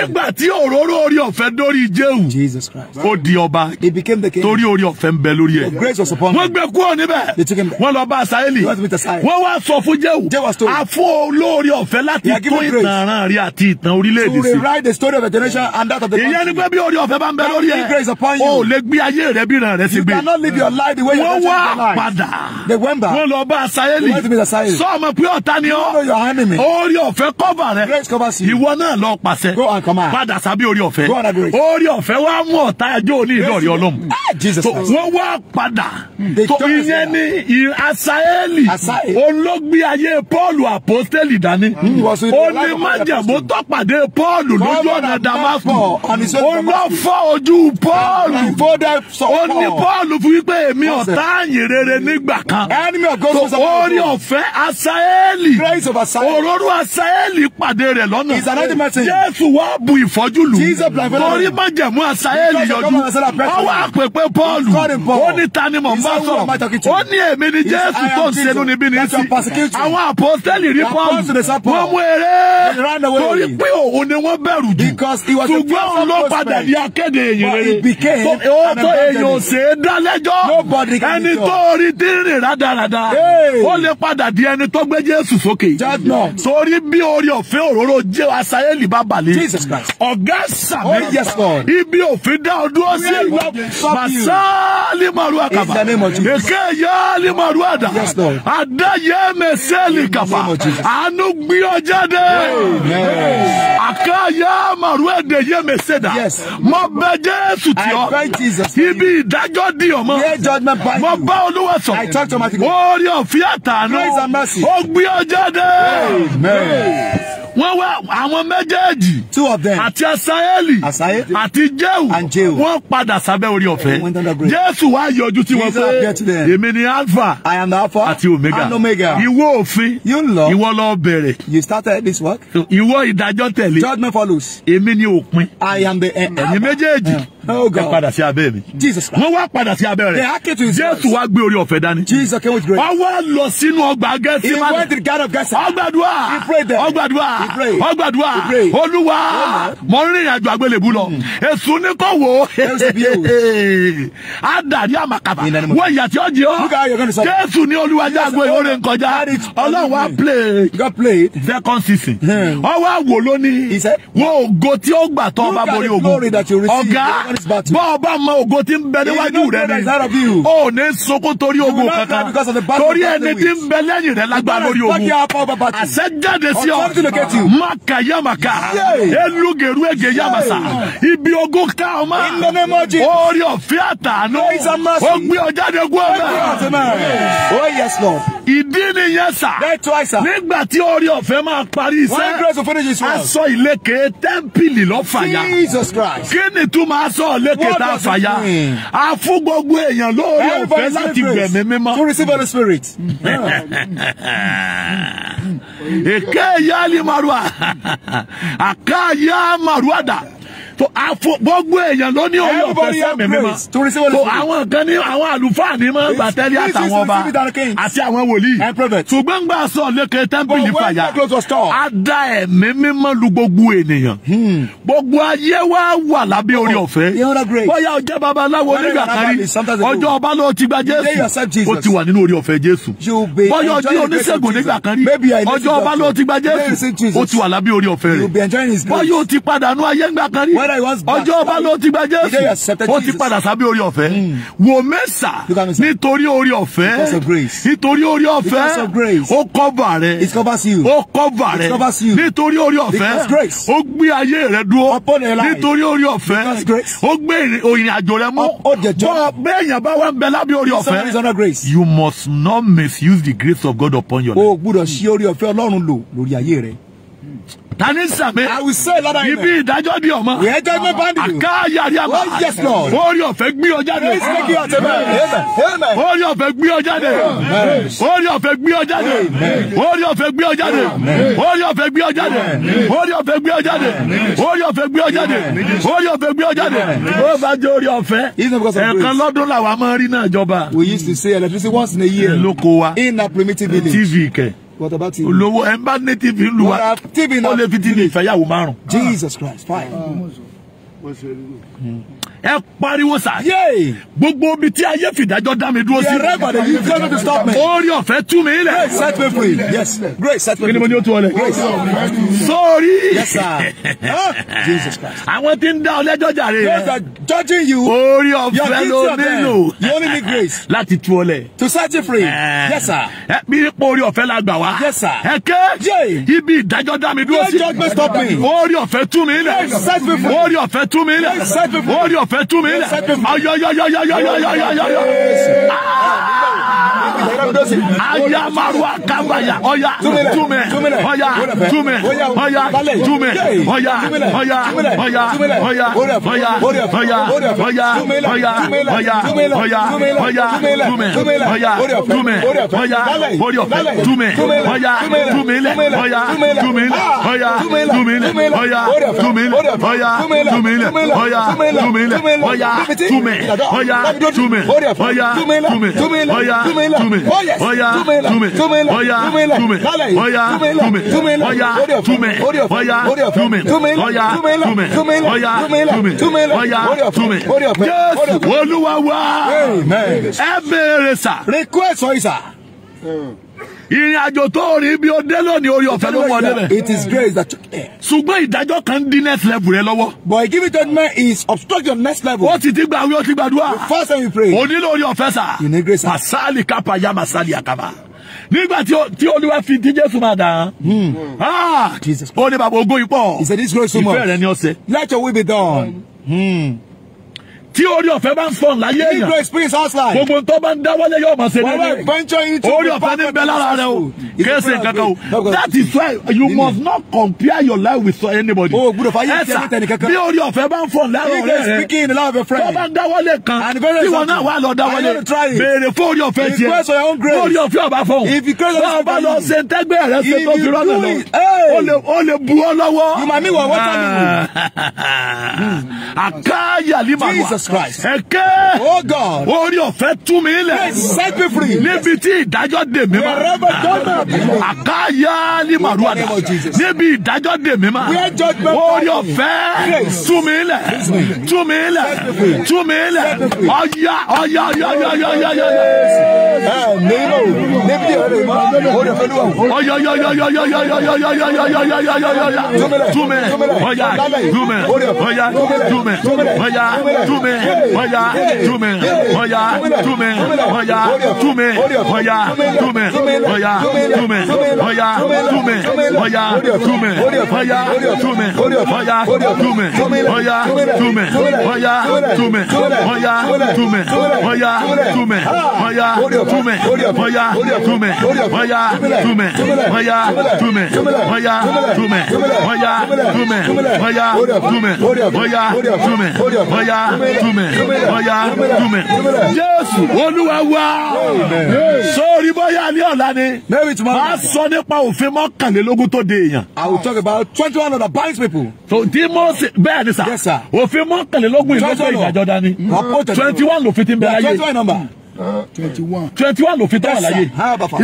nígbà tí òróró orí ọ̀fẹ́ dórí jéhù ó di ọba became the king. Torí orí ọ̀fẹ́ ń lórí ẹ̀. grace was upon him. Wọ́n gbé kúrò níbẹ̀. They took him there. Wọ́n lọ bá Asaeli. Wọ́n meet Asaeli. Wọ́n wá sọ fún Jéhù. Jéhù was told. A olórí ọ̀fẹ́ láti tó ìtàn ara rí àti ìtàn orílẹ̀-èdè sí. To rewrite the story of a generation and that of the country. Ìyẹn ni pé bí orí ọ̀fẹ́ bá ń bẹ lórí ẹ̀. grace upon you. O lè gbé ayé rẹ bí ìran rẹ ti gbé. You cannot live your life the way you live your life. Wọ́n wá padà. They went back. Wọ́n lọ bá Asaeli. Wọ́n meet Asaeli. Sọ ọmọ pé ọ̀tá ni ọ́. You know your enemy. Orí ọ̀fẹ́ cover rẹ. Grace covers you. Ìwọ náà lọ pàṣẹ. Go and command. Padà sábẹ́ orí ọ̀fẹ́. Go and agree. Orí ọ̀fẹ́ wá mú ọ̀tá ẹjọ́ òní ìdọ̀rí ọlọ́run kingdom. Ah, Jesus Christ. wọ́n wá padà. Hmm. Hmm. tó ìyẹn ni asaeli olóògbé ayé Paul apostoli dání. ó ní májàmbó tọ́pàdé Paul lójú ọ̀nà Damascus. ó lọ fọ́ ojú Paul. ó ní Paul fi wípé èmi ọ̀tá àyìn rere nígbà kan. ó ní ọ̀fẹ́ asaeli. òróró asaeli pàdé rẹ̀ lọ́nà. Jésù wá bu ìfọ́jú lù. torí májàmbó asaeli yọjú. ọwọ́ wá pè pé Paul ó ní ta ń bá sọ̀rọ̀ ó ní èmi ni Jésù tó ń ṣenú níbí ní sí àwọn àpọ́sítẹ́lì rí Paul wọ́n mú eré torí pé òun ni wọ́n bẹ̀rù jù ṣùgbọ́n òun ló padà di akéde èyí rere ó tó èyí ò ṣe é dá lẹ́jọ́ ẹni tó rí tí ń ó lè padà di ẹni tó gbé Jésù sókè sórí bí orí ọ̀fẹ́ òróró jẹ́ asáyélì bá balẹ̀ ọ̀gá sàmì oh, ibi òfin dá ọdún ọ̀sẹ̀ masali marua kaba eke yali marua da ada ye meseli kaba anu gbi ọjà aka ya marua de ye meseda mo bẹ Jésù tí ọ ibi ìdájọ́ di ọmọ mo bá Olúwa sọ orí ọ̀fíà àtàánú ó gbé ọjà dẹ wọ́n wá àwọn méjèèjì àti asaeli àti jehu wọ́n padà sábẹ́ orí ọ̀fẹ́ jésù wá yọjú tí wọ́n pé èmi ni alpha àti omega ìwọ òfin ìwọ ló bẹ̀rẹ̀ ìwọ ìdájọ́ tẹ̀lé èmi ni òpin eh, ẹ̀yin méjèèjì eh, oh ẹ padà sí abẹ́ mi wọ́n wá padà sí abẹ́ rẹ̀ jésù wá gbé orí ọ̀fẹ́ dání wọ́n wá lọ sínú ọgbà gẹ́símánì ọgbàdúrà ọgbàdúrà ọgbàdúrà olúwa mọ̀ ń rìnrìn àjò àgbélébú lọ hmm. èṣù ní kò wò ó adàrí àmàkàbà wọ ìyà tí ó jẹ ọ jésù ní olúwàjà àgbo ìhórè nkọjá ọlọ́run wa play second season hmm. ọwọ́ àwò lónìí wọ ògo tí ó gbà tọ́ ọba borí ogun ọ̀gá bọ́ ọba mọ ògo tí ń bẹ níwájú rẹ ni ó ní sunkún torí ogun kankan torí ẹni tí ń bẹ lẹ́yìn rẹ lágbára lórí ogun àṣẹ jáde sí ọ maka yamaka elugèrú ègè yamasa ibi ogun ká ọmọ orí ọ̀fẹ́ àtàánú ó gbé ọ jáde kúrò náà. Oh yes Lord. Ìdí nìyẹn sà. That's why sà. Nígbà tí orí ọ̀fẹ́ máa parí iṣẹ́. grace will finish Aṣọ ìlẹ̀kẹ̀ tẹ́ḿpìlì lọ fàya. Jesus Christ. Kí ni tún máa sọ ìlẹ̀kẹ̀ tá a fàya? A fún gbogbo èèyàn lórí ọ̀fẹ́ láti gbẹ̀mí mímọ́. receive Holy Spirit. Èké ìyá Ali Marua, àká ìyá Marua dà so àfo gbogbo èèyàn ló ní òye ọ̀fẹ́ sẹ́mi mímọ́ so àwọn kan ní àwọn àlùfáà ní máa ń gbà tẹ́lẹ̀ àtàwọn ọba àti àwọn wòlíì ṣùgbọ́n gbà sọ lékè tẹ́ḿpìlì fàyà á dá ẹ̀mí mímọ́ lu gbogbo ènìyàn hmm. gbogbo ayé wa wà lábẹ́ orí ọ̀fẹ́ bóyá ọjọ́ babaláwo nígbà kárí ọjọ́ ọba ló ti gba jésù ó ti wà nínú orí ọ̀fẹ́ jésù bóyá ọjọ́ oníṣègùn nígbà kárí ọjọ́ ọba ló ti gba jésù ó ti wà lábẹ́ orí ọ̀fẹ́ rẹ̀ bóyá ó ti padà nú ayé ńgbà kárí whether he was black. ọjọ́ ọba ló ti gba jésù ó ti padà sábẹ́ orí ọ̀fẹ́ hmm. wò mẹ́sà nítorí orí ọ̀fẹ́ nítorí orí ọ̀fẹ́ ó kọ́bà rẹ ó kọ́bà rẹ nítorí orí ọ̀fẹ́ ó gbé ayé rẹ dúró nítorí orí ọ̀fẹ́ ó gbé ìrìn àjò rẹ mọ́ bẹ́ẹ̀ yàn bá wà ń bẹ lábẹ́ orí ọ̀fẹ́ you must not misuse the grace of God upon your life. o gbúdọ̀ sí orí ọ̀fẹ́ ọlọ́run lò lórí ayé rẹ tani sàmé ibi ìdájọ́ di ọmọ ah, àká yàrá àmà oh, orí ọ̀fẹ́ gbé ọ jáde orí ọ̀fẹ́ gbé ọ jáde orí ọ̀fẹ́ gbé ọ jáde orí ọ̀fẹ́ gbé ọ jáde orí ọ̀fẹ́ gbé ọ jáde orí ọ̀fẹ́ gbé ọ jáde orí ọ̀fẹ́ gbé ọ jáde orí ọ̀fẹ́ gbé ọ jáde ó bá jẹ́ orí ọ̀fẹ́ ẹ̀ẹ̀kan lọ́dún làwọn máa rí náà jọba. we used to say electricity once in a year in a primitive village. tv kẹ. What about ti. olówó ẹ bá native ìlú wa ó lè fi ti márùn. Jesus Christ fine ẹ pariwo sà. gbogbo ibi tí ayé fìdájọ́ dá mi dúró sí. orí ọ̀fẹ́ tú mi ilẹ̀. kí ni mo ní o tú ọ lẹ. sórí. àwọn tí ń dá ọ lẹ́jọ́ jàre. orí ọ̀fẹ́ ló nílò. láti tú ọ lẹ. you free. Eh. sir. ẹ eh, bí ipò orí ọ̀fẹ́ la gbà wá. yes sir. ẹ eh, ké ibi ìdájọ́ dá mi dúró sí. orí ọ̀fẹ́ tú mi ilẹ̀. orí ọ̀fẹ́ tú mi ilẹ̀. orí ọ̀fẹ́ fẹ́ tú mi lẹ̀ ayọyọyọyọyọyọyọ aya maruwa kambaya ọya túmẹ ọya túmẹ ọya túmẹ ọya ọya ọya ọya ọya ọya ọya ọya ọya ọya ọya ọya túmẹ ọya túmẹ ọya ọyọ túmẹ ọya túmílẹ̀ ọya túmílẹ̀ ọya túmílẹ̀ ọya túmílẹ̀ ọya túmílẹ̀ ọya túmílẹ̀ Oya, two men. Oya, two men. Oya, two men. Oya, two men. Oya, two men. Oya, two men. Oya, two men. Oya, two men. Oya, two men. Oya, two men. Oya, two men. Oya, two men. Oya, two men. Oya, two men. Jésù Olúwa wa. Amen. Ẹ bèrè sà. Request sọ yìí ìrìn àjò tó rí bí ó dé lónìí orí ọ̀fẹ́ ló mú ọ débẹ̀. it is grace that took there. ṣùgbọ́n ìdájọ́ kan dín next level rẹ lọ́wọ́. but giving judgment is obstruct your next level. ó ti ti gba awé ó ti gbàdúrà. the first time you pray. o nílò orí ọ̀fẹ́ sà. you need grace masali kapa ya masali akaba. nígbà tí olúwa fi ti jésù máa dàn án. ó hmm. ní bàbá ogún yìí pọ̀. he said this grace so much. ìfẹ́ rẹ ni ọ̀sẹ̀. let your will be done. Mm tí orí ọ̀fẹ́ bá ń sọ láyé èèyàn gbogbo tó bá ń dáwọ́lé yóò máa ṣe lélẹ̀ orí ọ̀fẹ́ ní bẹ́ẹ̀ lára rẹ o kéèsì kankan o that is why you must not compare your life with anybody oh, ẹ̀sà bí orí ọ̀fẹ́ bá ń fọ̀ láàrọ̀ rẹ tó bá ń dáwọ́lé kan tí wọn náà wà lọ dáwọ́lé béèrè fún orí ọ̀fẹ́ tiẹ̀ orí ọ̀fẹ́ ọba fún un bá a bá lọ ṣe tẹ́gbẹ́ rẹ ṣe tó fi rọ́ọ̀lẹ̀ lọ o lè bu ọ lọ́wọ́ hmm. àkáyà lima wa. Jesus Christ. Ẹ Oh God. Orí ọ̀fẹ́ tún mi lẹ̀. Yes, set me free. Níbi tí ìdájọ́ dè mí ma. Wherever judgment be. Àkáyá ní Màrúwà dà. Níbi ìdájọ́ dè mí ma. Where judgment be. Orí ọ̀fẹ́ tún mi lẹ̀. Tún mi lẹ̀. Tún mi lẹ̀. Ọ̀yá ọ̀yá ọ̀yá ọ̀yá ọ̀yá ọ̀yá. Ẹ nílò níbi ìrẹ̀lẹ̀ ìmọ̀ orí ọ̀fẹ́ ló wà. Ọ̀yá ọ̀yá ọ̀yá ọ̀yá ọ̀yá ọ̀yá ọ̀yá ọ̀yá ọ̀yá ọ̀yá ọ̀yá. Túmẹ̀ ọ̀yá túmẹ̀ ọ̀yá túmẹ̀ ọ̀yá túmẹ̀ Hoya, two men. Oya, two men. Hoya, two men. Oya, two men. Hoya, two men. Oya, two men. Hoya, two men. Oya, two men. Hoya, two men. Oya, two men. Hoya, two men. Oya, two men. Hoya, two men. Oya, two men. Oya, two men. Oya, two men. Oya, two men. Oya, two men. Oya, two men. Oya, two men. Oya, two men. Oya, two men túmẹ̀ bóyá túmẹ̀ jésù olúwa wá sórí bóyá ní ọ̀la ni máa sọ nípa òfin mọ́kànlélógún tó de èèyàn. I will talk about twenty one other binds people. so tí Mósè bẹ́ẹ̀ ni sà òfin mọ́kànlélógún ìlú pé ìdájọ́ dání twenty one lòfin ti ń bẹ twenty one twenty one òfin tó wà láyé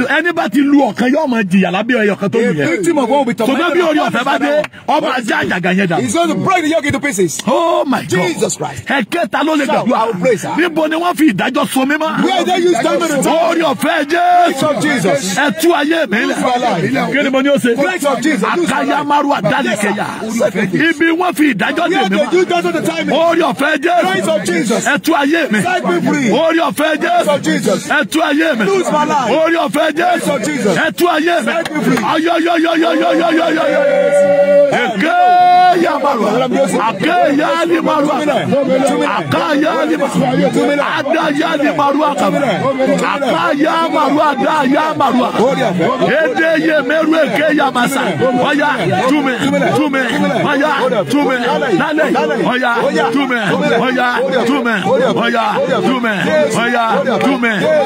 ẹni bá ti lu ọ̀kan yóò máa jìyà lábẹ́ ẹyọ kan tó nìyẹn ṣùgbọ́n bí orí ọ̀fẹ́ bá dé ọba ajá àjàgà yẹn dà. he's going to break the yoke into pieces. oh my god jesus christ. ẹ̀kẹta ló lè gbàdúrà níbo ni wọ́n fi ìdájọ́ sọ mi mọ́. where they use time and time. orí ọ̀fẹ́ jésù ẹ tú ayé mi lẹ̀ kí ni mo ní o ṣe. akayamaru adalikẹya ibi wọ́n fi ìdájọ́ lè mi mọ́. orí ọ̀fẹ́ jésù ẹ tú ayé mi orí ọ̀fẹ́ jésù ẹtú ayé mi orí ọ̀fẹ́ jésù ẹtú ayé mi ayọyọyọyọyọyọyọ akaya marwa akaya ni marwa akaya ni marwa ya ni marwa kama akaya marwa adaya marwa ede ye meru eke ya masa oya tume tume oya tume lale oya tume oya tume oya tume oya tume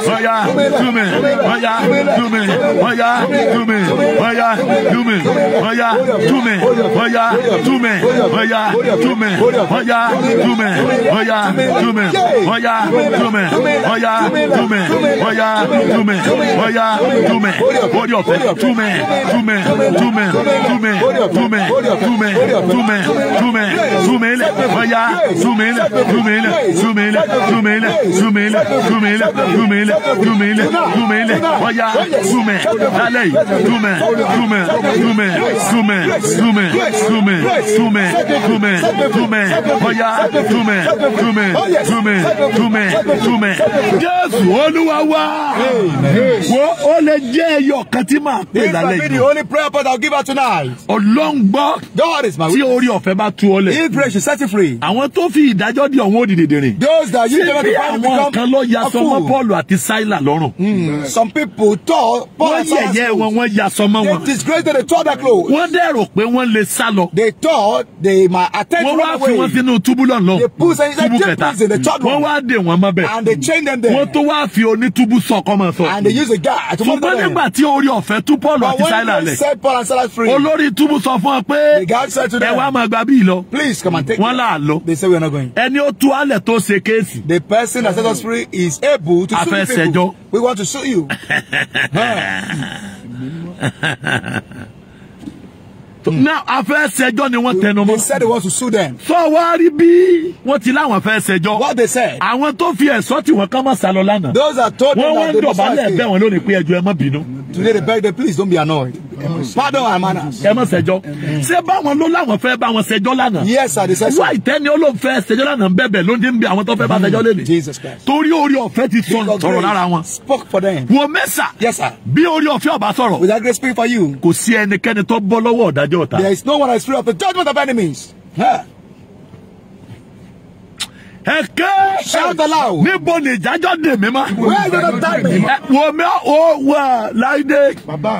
oya tume oya tume oya tume oya tume oya tume oya tume túmẹ̀ ọ̀yà túmẹ̀ ọ̀yà túmẹ̀ ọ̀yà túmẹ̀ ọ̀yà túmẹ̀ ọ̀yà túmẹ̀ ọ̀yà túmẹ̀ ọ̀yà túmẹ̀ orí ọ̀fẹ́ túmẹ̀ túmẹ̀ túmẹ̀ túmẹ̀ túmẹ̀ túmẹ̀ túmẹ̀ túmẹ̀ túmẹ̀ lẹ̀ ọ̀yà túmẹ̀ lẹ̀ túmẹ̀ lẹ̀ túmẹ̀ lẹ̀ túmẹ̀ lẹ̀ túmẹ̀ lẹ̀ túmẹ̀ lẹ̀ túmẹ̀ lẹ̀ túmẹ̀ lẹ̀ túmẹ̀ lẹ̀ ọ̀yà túmẹ̀ lálẹ́ yìí túmẹ̀ túmẹ̀ túmẹ̀ túmẹ̀ túmẹ̀ túmẹ̀ túmẹ̀ túmẹ̀ túmẹ̀ túmẹ̀ Oh yeah, túmẹ̀ túmẹ̀ túmẹ̀ túmẹ̀ jésù olúwa wá wo ó lè jẹ́ ẹyọ kan tí màá pè lálẹ́ yìí. the only prayer point I'll give out tonight. A long gbọ́. God is my witness. tí orí ọ̀fẹ́ bá tú ọ lẹ̀. if prayer she set you free. àwọn tó fi ìdájọ́ di ọ̀hún òdìdì dìrín. those that you never become a fool. àwọn kan lọ ya sọmọ Paul àti Sílà lọ́rùn. Hmm. some people tọ́ Paul and Silas. wọ́n yẹ̀yẹ́ wọn wọ́n ya sọmọ they disgrace the they tore their clothes. wọ́n dẹ̀ rò pé wọ́n lè they tore before they my attention wọ́n wá fi wọn sínú túbú lọ́nà túbú kẹta wọ́n wá dè wọ́n mọ́ bẹ́ẹ̀ and they chain them there wọ́n tó wá fi onítúbú sọ kọ́ mọ́ sọ and they use a guy to mọ́ bẹ́ẹ̀ ṣùgbọ́n nígbà tí orí ọ̀fẹ́ tú Paul àti Sílà lẹ̀ olórí túbú sọ fún ọ pé ẹ wá máa gba bíi lọ wọ́n là á lọ ẹni ó tú alẹ̀ tó ṣe kéèsì. the person that set us free is able to sue you people we want to sue you. Now said John, they want to know. They said they want to sue them. So Sọ wá rí bí wọ́n ti láwọn said John. What they said. Àwọn tó fi ẹ̀sọ́ tí wọ́n kán mọ́ sálọ lánàá. Those are told them that they must stay. Wọ́n wá ń dọ̀bálẹ̀ bẹ́ẹ̀ wọn Today they beg them please don't be annoyed. Pardon our manners. Ẹ má ṣẹjọ́. Ṣé báwọn ló no longer bá wọn ṣẹjọ́ lánàá? Yes, sir. decided. Wá ìtẹ́ni olóhùn fẹ́ ṣẹjọ́ lánàá ń bẹ̀bẹ̀ ló ń bí àwọn tó fẹ́ bá ṣẹjọ́ Jesus Christ. Torí orí ọ̀fẹ́ ti sọ̀rọ̀ lára wọn. Spoke for them. Wò mẹ́sà. Yes, sir. Bí orí ọ̀fẹ́ ọ̀bá sọ̀rọ̀. With that grace speak for you. Kò sí ẹnikẹ́ni tó bọ́ lọ́wọ́ ọ̀dájọ́. There is no one that is free of the judgment of enemies. Yeah. ẹ shout aloud. níbo ni ìjájọ́ dè mí ma. where you don tell me. wo mi o wa láìdé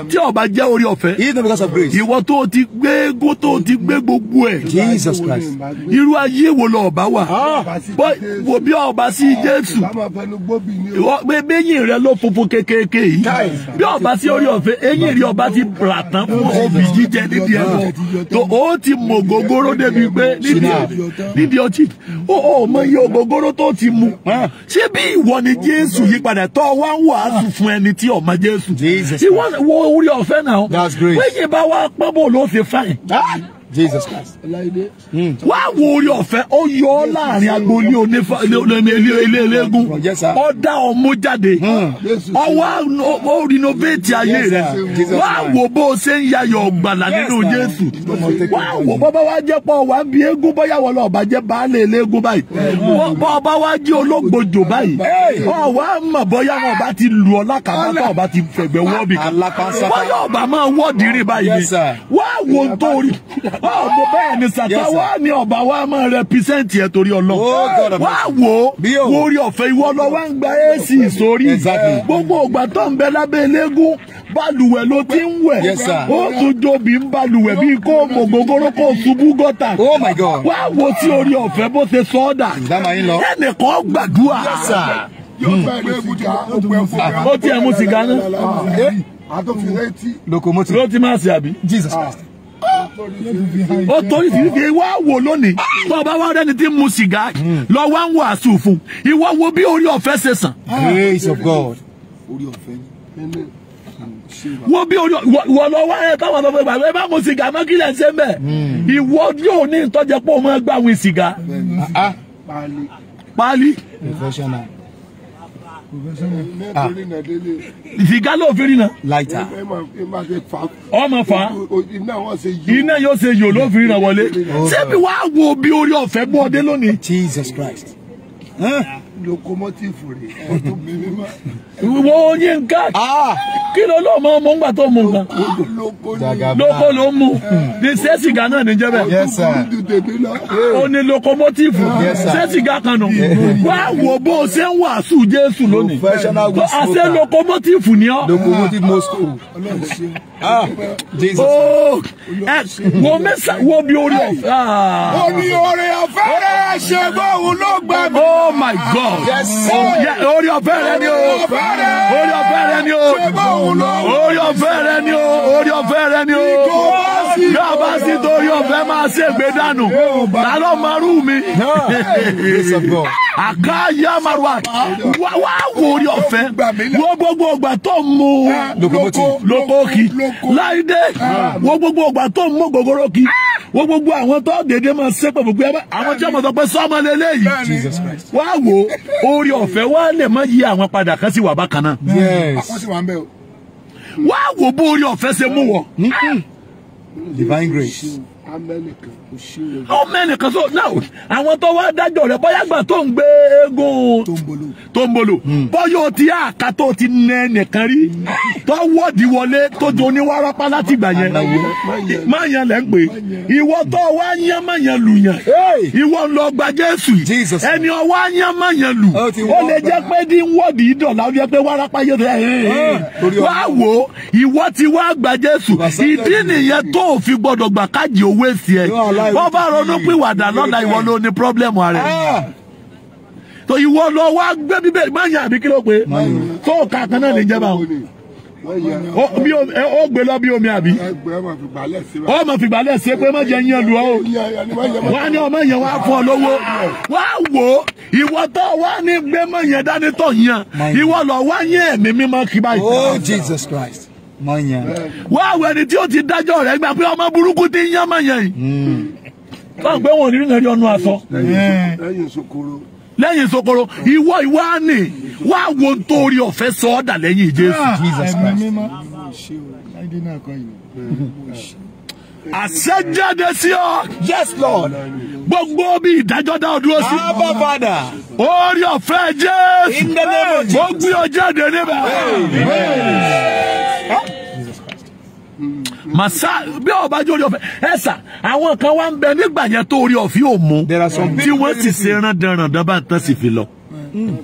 tí ọba jẹ́ orí ọ̀fẹ́. he is because of grace. ìwọ tó o ti gbé ego tó o ti gbé gbogbo ẹ̀. jesus christ. irú ayé wo lọ ọba wa. bọ́ wo bí ọba sí jésù. bẹ́yìn rẹ ló funfun kékeré yìí. bí ọba sí orí ọ̀fẹ́ eyín rí ọba ti rà tán fún obì jíjẹ nídìí ẹ̀ tó o ti mọ̀ gógóró débi pé nídìí ọtí. o ò mọ iye iye ògógóró tó ti mu ṣé bí ìwọ ni jésù yí padà tọ́ wá ń wàásù fún ẹni tí ọmọ jésù ìwọ wo orí ọ̀fẹ́ náà wọ́n yìí bá wá pọ́nbó ló ṣe fáyìn. Jesus Christ. Hmm. wá wo orí ọ̀fẹ́ ó yọ ọ́ láàrin agboolé eléegun ó dá ọmú jáde hmm. ó wá ó rinovate ayé rẹ̀ wá wo bó o ṣe ń yayọ̀ ọ̀gbàlà nínú Jésù wá wo bọ́ bá wá jẹ́ pọ̀ wá bí eégún bóyá wọ́n lọ́ọ́ bá jẹ́ baálé eléegun báyìí bọ́ bá wá jẹ́ ológbòjò báyìí ọ̀ wá mọ̀ bóyá wọn bá ti lù ọ́ lákàtà tó ọba ti fẹ̀gbẹ́ wọ́ọ̀bì kan wọ́n máa wọ́ọ̀dì rí báyìí wá wo tó wá òbò bẹ́ẹ̀ ni sàtà wá ní ọba wa máa rẹpísẹ́ǹtì ẹ̀ torí ọlọ́run oh, wá wò ó wò ó rí ọ̀fẹ́ ìwọ lọ wá ń gba ac sórí gbogbo ògbà tó ń bẹ lábẹ́ eléégún balùwẹ̀ ló ti ń wẹ̀ ó tún jóbi ń balùwẹ̀ bíi kó mògógóró kó ṣubú gọ́tà oh, wá wò sí orí ọ̀fẹ́ bó ṣe sọ́ọ̀dà ẹnìkan gbàdúrà ó tiẹ̀ mú sìgá náà ah, ah, ah. eh? locomotive ló ti máa ṣe àbí. Jesus Christ ó torí sí ibi wá wò lónìí tó o bá wá rẹ́ni tí ń mu sìgá lọ wá ń wà sùfù ìwọ wo bí orí ọ̀fẹ́ ṣe sàn. grace of god. wo bí orí wọ lọ wá ẹ táwọn ọmọ ìgbà ẹ bá mu sìgá mọ kí lẹ ṣe ń bẹ hmm. ìwọ yóò ní ìtọ́jẹ pé o máa gbà wí sìgá. Ah, ah ìfìgá ló fi rí na. láìta ọmọ fa iná yóò ṣe yò ló fi rí na wọlé ṣebí wàá wo bí orí ọ̀fẹ́ bọ́ ọdẹ lónìí. Jesus Christ. locomotive rẹ̀ ọdún mímọ́ ìwọ oyin nǹkan ah. kí ló ló mọ ọmọ ńgbà tó mu nǹkan lóko ló mu ní sẹ́sìgá náà ní jẹ́bẹ̀ ó ní lokomotifu sẹ́sìgá kan nù wá wò bó o ṣe ń wàásù Jésù lónìí tó a ṣe lokomotifu ni ọ́. Ah, oh, wo mẹ́sà wo bí orí ọ̀fẹ́. Ah. omi orí ọ̀fẹ́ rẹ̀ ṣe bóun ló gbà oh my God oh, orí ọ̀fẹ́ rẹ̀ ni o orí ọ̀fẹ́ rẹ ni o orí ọ̀fẹ́ rẹ ni o orí ọ̀fẹ́ rẹ ni o bí a bá sí torí ọ̀fẹ́ máa ṣègbè dànù ta ló máa rú mi. aka ya marwa wa ori ofe wo gbogbo ogba to mu loko laide ah. wo gbogbo ogba to mu gogoro ki wo gbogbo awon to dede ma se pe gbogbo awon je mo so pe so mo leleyi ori ofe wa ma mo yi awon pada kan si wa ba kana yes awon ori ofe se mu wo mm-hmm. ah. divine ó mẹ́rin kan so now àwọn tó wá dájọ́ rẹ̀ bóyá gbà tó ń gbé eégún tóńbolo hmm. bóyá o ti àká tó ti nẹ nìkan rí tó wọ́ọ̀dì wọlé tó jo oníwárapá láti gbà yẹn má yẹn lẹ́ ń pè ìwọ tó wá yán má yẹn lù yẹn ìwọ ń lọ gba Jésù ẹni ọwọ́ yán má yẹn lù ó lè jẹ́ pé ní wọ́ọ̀dì ìdọ̀lá ó jẹ́ pé wárapá yẹn tó yẹ wá wò ìwọ ti wá gba Jésù ìdí nìyẹn tó fi gbọdọ̀ gbà káàdì owó èsì ẹ̀ wọ́n bá ronú pìwàdà lọ́la ìwọ ló ní pírọ́blẹ̀mù rẹ̀ tó ah. ìwọ lọ wá gbé bíbélì má àbí kí ló pé tó kà kan náà ní jẹba ó gbé lọ bí omi àbí ó mọ̀ fìgbà lẹ̀ pé má jẹ yín lu ọ́ wá ní ọmọ yẹn wá fún ọ lówó wá wò ó ìwọ tó wá ní gbé mọ̀ yẹn dání tó yàn ìwọ lọ wá yẹn ẹ̀mí mímọ́ kí báyìí. Oh Jesus Christ wá àwọn ẹni tí ó ti dájọ́ rẹ̀ gbà pé ọmọ burúkú ti ń yán mọ̀yàn yìí fáwọn hmm. pé wọn ò ní rí nàrí ọnu aṣọ lẹ́yìn sokoro ìwọ ìwọ àní wá wo nítorí ọ̀fẹ́ sọ ọ́ dà lẹ́yìn Jésù. Ah, àṣẹ jáde sí ọ. yes lord. gbogbo bí ìdájọ́ dá ọdún sí. abba father. orí ọ̀fẹ́ jésù. in the name of jesus. mo gbé ọ jáde níbẹ̀ màsá bí ọba jó orí ọ̀fẹ́ ẹsà àwọn kan wá ń bẹ nígbà yẹn tó orí ọ̀fẹ́ ò mú tí wọ́n sì ṣe rándanrandan bá tán sì fi lọ. Hmm.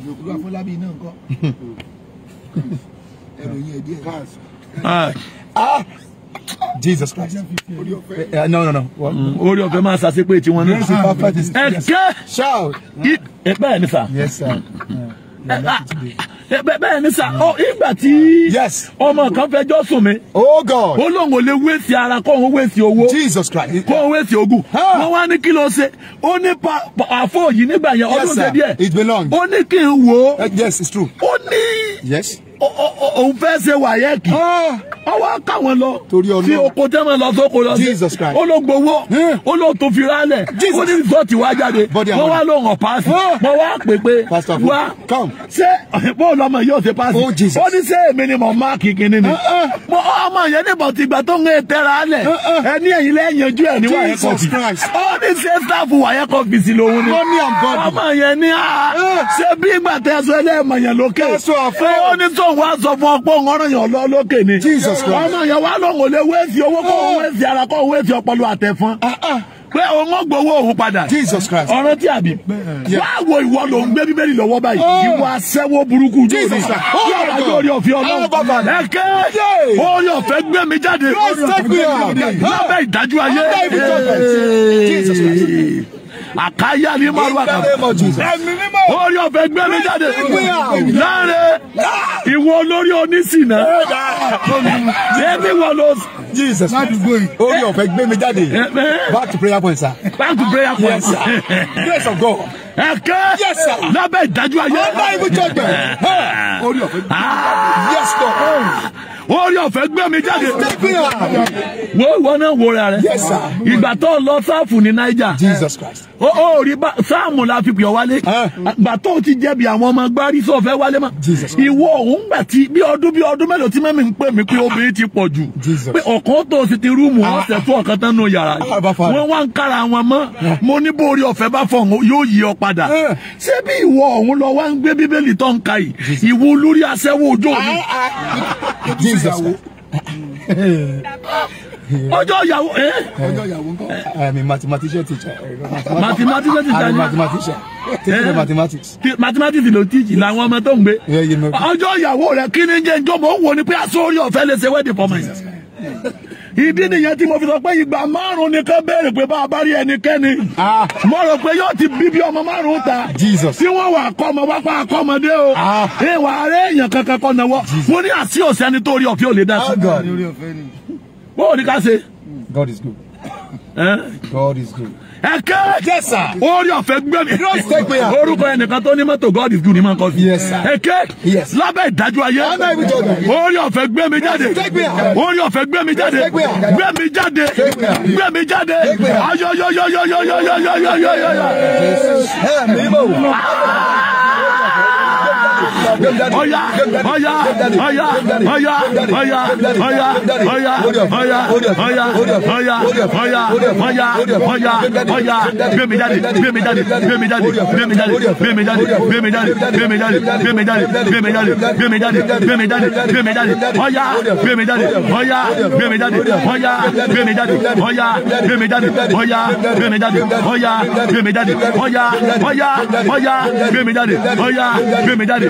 Jesus Christ. Uh, no, no, no. Mm. Orí ọ̀fẹ́ máa ṣàṣe pé tiwọn náà. Yes, perfect. Ẹ̀kẹ́. Ṣáà. Yes, sir. Mm. bẹ́ẹ̀ ni sà ìgbà tí ọmọ kan fẹjọ́ sùn mí oh, lóun ò lè wéèsì ara kó òun wéèsì owó kó òun wéèsì ogun wọ́n wá ní kí ló ṣe ó ní àfọ̀ yìí nígbà yẹn ọdún tẹ díẹ̀ ó ní kí n wò ó eh, ó ní òun fẹ́ ṣe wàyẹ́kì ọwọ́ káwọn lọ fi oko tẹ́mọ̀ lọ sóko lọ sí ológbowó olótòfirálẹ̀ ó ní rìsọ́ọ̀tì wá jáde wọ́n wá lóhùn ọ̀pá sí wọ́n wá pèpè wá ṣé bọ́ọ̀lù lọ́mọ yóò ṣe paasi ó ní sẹ́ èmi ni mọ̀ máàkì kìíní ni uh-uh. mo oh, ọmọ yẹn níbọ̀ ti gbà tó ń gé tẹ́ra lẹ̀ uh-uh. ẹni ẹ̀yin lẹ́yìnjú ẹ̀ ní wàyẹ̀ kọ́fì ó ní sẹ́ sáfù wàyẹ̀ kọ́fì sí lòun ni ọmọ yẹn ní a ah, uh. ṣe bí ìgbà tẹ́sọ ẹlẹ́mọ̀ yẹn lókè ó ní tó wá sọ fún ọpọ́ ọ̀rọ̀ yẹn lọ lókè ni ọmọ yẹn wá lọ́ngọ̀lẹ́ wẹ́ẹ̀sì owó kọ́ uh. wẹ́ẹ̀sì ara kọ́ wẹ́ẹ̀sì ọpọlọ àtẹ̀fọ́n. Uh-uh pé òun ó gbowó òun padà. Jesus Christ. ọ̀rọ̀ tí àbí. báwo ìwọ ló ń gbé bíbélì lọ́wọ́ báyìí. Oh. ìwọ aṣẹ́wó burúkú jù ní. Oh yóò wá yóò rí ọ̀fẹ́ ọlọ́run. ẹ̀kẹ́ orí ọ̀fẹ́ gbé mi jáde. lábẹ́ ìdájọ́ ayé àkáyà ní márùwà kan orí ọ̀fẹ́ gbé mi jáde láre ìwọ olórí onísìnà ẹbí wọn lọ. Jesus orí ọ̀fẹ́ gbé mi jáde back to prayer point sir. back to prayer point sir. grace of God. Ẹ̀kẹ́ lábẹ́ ìdájọ́ ayé. Ọlá ibi tó gbẹ̀. Orí ọ̀fẹ́ gbé mi ah. Yes, God. Ah orí ọ̀fẹ́ gbé mi jáde wo ìwọ náà wo ra rẹ ìgbà tó lọ sáàfù ní Naija ó rí sáàmù la fi pè ọ wálé ah. ìgbà tó ti jẹ̀bi àwọn ọmọ gbárí sọ fẹ́ wálé mọ́ ìwọ òun gbà tí bí ọdún bí ọdún mélòó tí mẹ́mi ń pè mí pé obìnrin ti pọ̀ jù pé ọ̀kan tó sì ti rúùmù ah. ọ̀sẹ̀ tó ọ̀kan tán nù yàrá ah, wọn wá ń kára wọn mọ́ mo ní bó orí ọ̀fẹ́ bá fọ̀ yóò yí ọ padà ṣé bí ìwọ òun lọ wá ń gbé bíbélì tó ń ka yìí ìwọ olórí aṣẹ́wó ojú òní ìyàwó ọjọ́ ìyàwó ẹ. Eh? ọjọ́ ìyàwó ńkọ́. Eh, I am a mathematician teacher. mathematician teacher ni. mathematician. teacher eh? mathematics. mathematics ló tíjì làwọn ọmọ tó ń gbé. ọjọ́ ìyàwó rẹ̀ kí ni jẹ́ njọ́ ó wò ni pé àsórí ọ̀fẹ́ lè ṣe wedding for my ìdí nìyẹn tí mo fi sọ pé ìgbà márùn nìkan béèrè pé bá a bá rí ẹnikẹ́ni ah. mo rò pé yóò ti bí ọmọ márùn ta tí wọ́n wà kọ́mọ wá pa àkọ́mọdé o ìwà ah. ààrẹ èèyàn kankan kọ́ náwó mo ní àti òsẹ́ni tó rí ọ̀fẹ́ ò lè dá sí. Oh bó o ní ká ṣe. God is good. God is good ẹkẹ orí ọ̀fẹ́ gbé mi orúkọ ẹnìkan tó ní mọ́tò god is good ni máa kọ sí ẹkẹ lábẹ́ ìdájọ́ ayé orí ọ̀fẹ́ gbé mi jáde orí ọ̀fẹ́ gbé mi jáde gbé mi jáde gbé mi jáde ayọyọyọyọyọyọyọyọyọ ọ̀yá ọ̀yá ọ̀yá ọ̀yá ọ̀yá ọ̀yá ọ̀yá ọ̀yá ọ̀yá ọ̀yá ọ̀yá ọ̀yá ọ̀yá ọ̀yá gbé mi jáde gbé mi jáde gbé mi jáde gbé mi jáde gbé mi jáde gbé mi jáde gbé mi jáde gbé mi jáde gbé mi jáde gbé mi jáde gbé mi jáde gbé mi jáde ọ̀yá gbé mi jáde ọ̀yá gbé mi jáde ọ̀yá gbé mi jáde ọ̀yá gbé mi jáde ọ̀yá gbé mi jáde ọ̀yá gbé mi jáde ọ̀yá ọ̀yá ọ̀yá gbé mi jáde ọ̀yá gbé mi jáde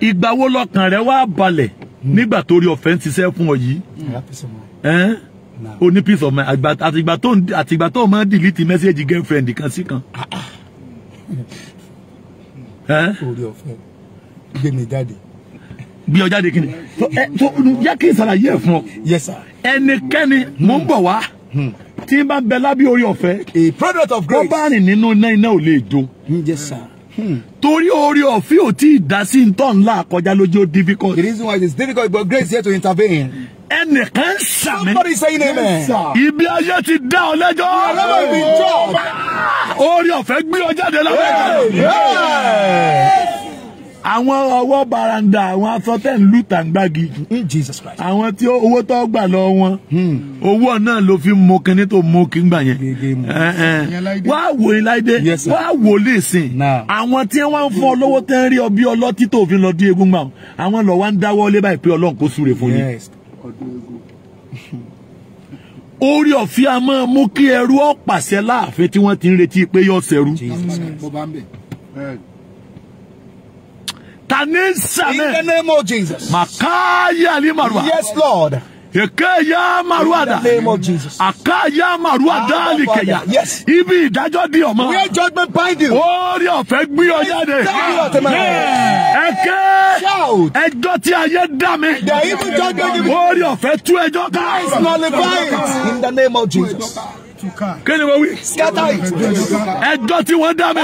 ìgbà wo lọkàn rẹ wá balẹ̀ nígbà tó rí ọ̀fẹ́ ń ṣiṣẹ́ fún ọ yìí ó hmm. ní peace of mind àtìgbà tó àtìgbà tó máa ń delete message girlfriend kan sí kan. Ah, ah. orí ọ̀fẹ́ gbé mi jáde. gbé ọ jáde kíni yá kí n ṣàlàyé ẹ fún ọ ẹnikẹ́ni mò ń bọ̀ wá hmm. tí n bá bẹ lábí orí ọ̀fẹ́. a product of grace. bọ́ bá rìn nínú iná iná ò lè jó. Hmm, yes sir torí orí ọ̀fíì ò tí ì dá sí ntọ́ ńlá àkọjá lójú difficult. the reason why it is difficult but grace here to intervene. ẹnìkan ń sàmì. somebody say amen. ibi ayé ti dá ọ lẹ́jọ́. ọlọ́run mi jọ. orí ọ̀fẹ́ gbé ọ jáde lọ́wọ́ àwọn ọwọ́ baranda àwọn asọ́tẹ̀ ń lù tàǹgbàgì. in Jesus Christ. àwọn tí owó tó gbà lọ wọn. Hmm. owó náà ló fi mú kinní tó mú kí n gbà yẹn. wá wò yín láìdé wá wò lè sìn. àwọn tí wọ́n ń fún ọ lówó tẹ́ ń rí ọ bí ọlọ́tí tó fi lọ dín egun gbà àwọn lọ wá ń dáwọ́ lé báyìí pé Ọlọ́run kó súre fún yín. orí ọ̀fíà máa mú kí ẹrú ọ̀pàṣẹ láàfin tí wọ́n ti ń retí pé yọ̀ ṣẹrú. Jesus Christ. Kanisa. In the name of Jesus. Makaya limarua. Yes, Lord. Ekeya maruada. In the name of Jesus. Akaya maruada likeya. Yes. Ibi ìdájọ́ di ọmọ. Where judgment bind you. Orí ọ̀fẹ́ gbé ọ jáde. Ẹ̀kẹ́. Shout. Ẹjọ́ tí ayé dá mi. The evil judgment. Orí ọ̀fẹ́ tú ẹjọ́ ká. It's nullified. In the name of Jesus kí ni wọ́n wí. ẹjọ́ tí wọ́n dá mi.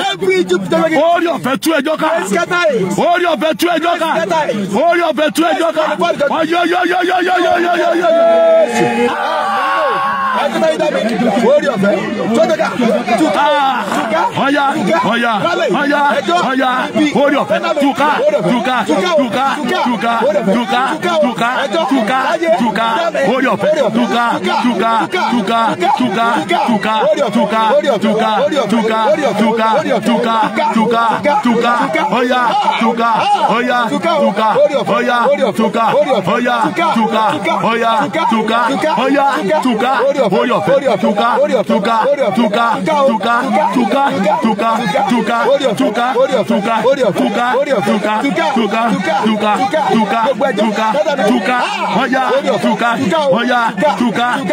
orí ọ̀fẹ́ tú ẹjọ́ ká. orí ọ̀fẹ́ tú ẹjọ́ ká. orí ọ̀fẹ́ tú ẹjọ́ ká. ọ̀yọ́yọ́yọ́yọ́yọ́yọ́yọ́yọ́ orí ọ̀fẹ́ tọ́jọ́gà túká ọ̀yà ọ̀yà ọ̀yà ọ̀yà orí ọ̀fẹ́ túká túká túká túká túká túká túká túká orí ọ̀fẹ́ túká túká túká túká tuka tuka tuka tuka tuka tuka tuka tuka oya tuka oya tuka oya tuka oya tuka oya tuka oya tuka oyo tuka tuka tuka tuka tuka tuka tuka tuka tuka tuka tuka tuka tuka tuka tuka tuka oya tuka oya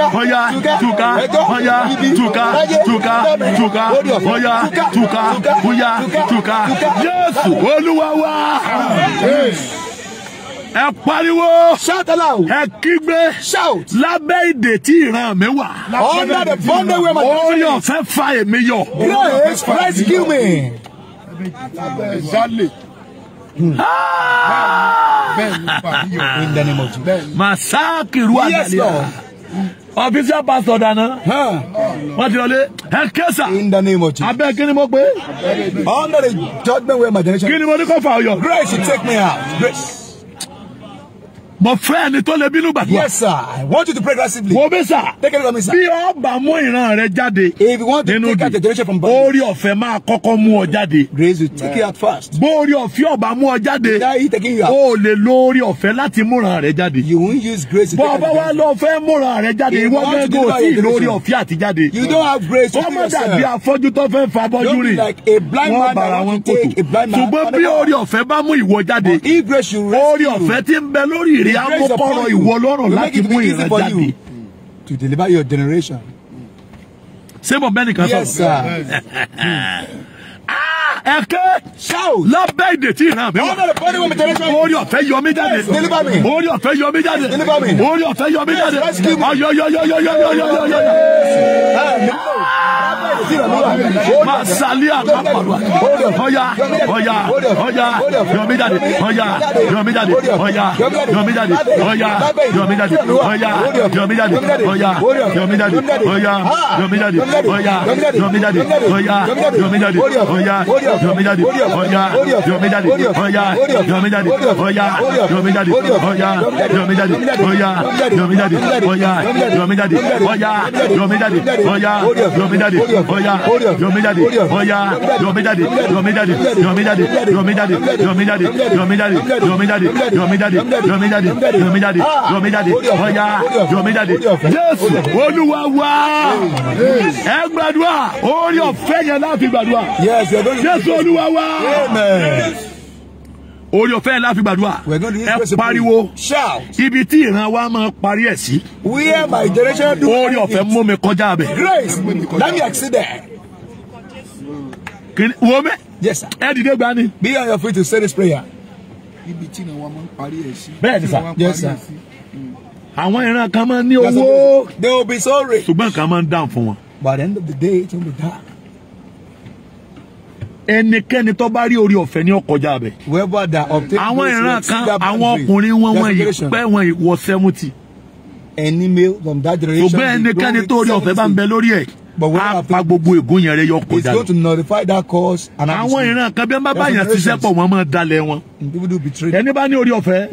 tuka oya tuka oya tuka, tuka, tuka, bóyá tuka, bóyá tuka, Jésù Olúwa wa ẹ pariwo. shout aloud. ẹ kígbe. shout. lábẹ́ ìdè tí ìran mi wà. under the bondage where my children. orí ọ̀fẹ́ fa èmi yọ. grace rescue me. masaki ruwa dalila official pastor dana wọn ti lọlé ẹ kẹsà in the name of Jesus abẹ kí ni mo under the judgment where my generation kí ni mo ní kó grace take me out grace mo fẹ́ ẹni tó lè bínú gbàdúrà. yes sir i want you to pray aggressively. wo bẹ́ẹ̀ sà. take it from me sir. Be all mú ìran rẹ jáde. if you want to take out the generation from bondage. orí ọ̀fẹ́ máa kọ́kọ́ mú ọ grace will take it out first. bó orí ọ̀fẹ́ ọba mú ọ jáde. without he taking you out. o lè lo orí ọ̀fẹ́ láti mú ìran rẹ jáde. you won't use grace But take out the generation. bọ́ọ̀ bá wa lọ fẹ́ mú ìran rẹ jáde ìwọ gẹ́gẹ́ o sì lórí you don't have grace to take yourself. ọmọ dàbí afọ́jú tó fẹ́ fa bọ́jú don't be like a blind man that want to take a blind man. ṣùgbọ́n bí orí ọ̀fẹ́ bá mú ìwọ jáde. if grace you rest you. orí ọ̀fẹ́ ti ń bẹ Èdè á mú kọ́rọ̀ ìwọ lọ́rùn láti mú ìran jáde. To deliver your generation. same mo bẹ́ẹ̀ Yes sir. Hmm ẹ̀kẹ́ lábẹ́ ìdè tí ìran mi wà orí ọ̀fẹ́ yọ mí jáde orí ọ̀fẹ́ yọ mí jáde orí ọ̀fẹ́ yọ mí jáde ayọyọyọyọyọyọyọ máa sálí àpapọ̀lù ọ̀yà ọ̀yà ọ̀yà yọ mí jáde ọ̀yà yọ mí jáde ọ̀yà yọ mí jáde ọ̀yà yọ mí jáde ọ̀yà yọ mí jáde ọ̀yà yọ mí jáde ọ̀yà yọ mí jáde ọ̀yà yọ mí jáde ọ̀yà yọ mí jáde ọ̀yà yọ mí jáde ọ̀yá yọ mí jáde ọ̀yá yọ mí jáde ọ̀yá yọ mí jáde ọ̀yá yọ mí jáde ọ̀yá yọ mí jáde ọ̀yá yọ mí jáde ọ̀yá yọ mí jáde ọ̀yá yọ mí jáde ọ̀yá yọ mí jáde ọ̀yá yọ mí jáde yọ mí jáde yọ mí jáde yọ mí jáde yọ mí jáde yọ mí jáde yọ mí jáde yọ mí jáde yọ mí jáde yọ mí jáde yọ mí jáde ọ̀yá yọ mí jáde Jésù Olúwa wa ẹ gbàdúrà orí ọ̀fẹ́ yẹn láti gbàdúrà jésù olúwa wa. amen orí ọ̀fẹ́ ńlá fi gbàdúrà ẹ pariwo ibi tí ìran wa máa parí ẹ̀ sí. where my generation do it. orí ọ̀fẹ́ mú mi kọjá abẹ. grace let me accident. kìnìún wo mẹ́. yes sir. ẹ dìde gbani. be on your feet to say this prayer. ibi tí ìran wa máa parí ẹ̀ sí. bẹ́ẹ̀ ni sà. yes sir. Hmm. àwọn ìran kan máa ní owó. they will be sorry. ṣùgbọ́n nǹkan máa ń dàn fún wọn. by the end of the day it will be dark ẹnikẹ́ni tó bá rí orí ọ̀fẹ́ ní ọkọjá bẹ̀. àwọn ìran kan àwọn ọkùnrin wọn wọn yìí pẹ́ wọn wọ seventy. any male from that generation. ṣùgbọ́n ẹnikẹ́ni tó rí ọ̀fẹ́ bá ń bẹ lórí ẹ̀ a pa gbogbo ègún yẹn rẹ yọ kọjá lọ. it's going to nullify that cause. àwọn ìran kan bí wọn bá báyàn ṣiṣẹ́ pọ̀ wọ́n máa dalẹ̀ wọn. people do betray. ẹni bá ní orí ọ̀fẹ́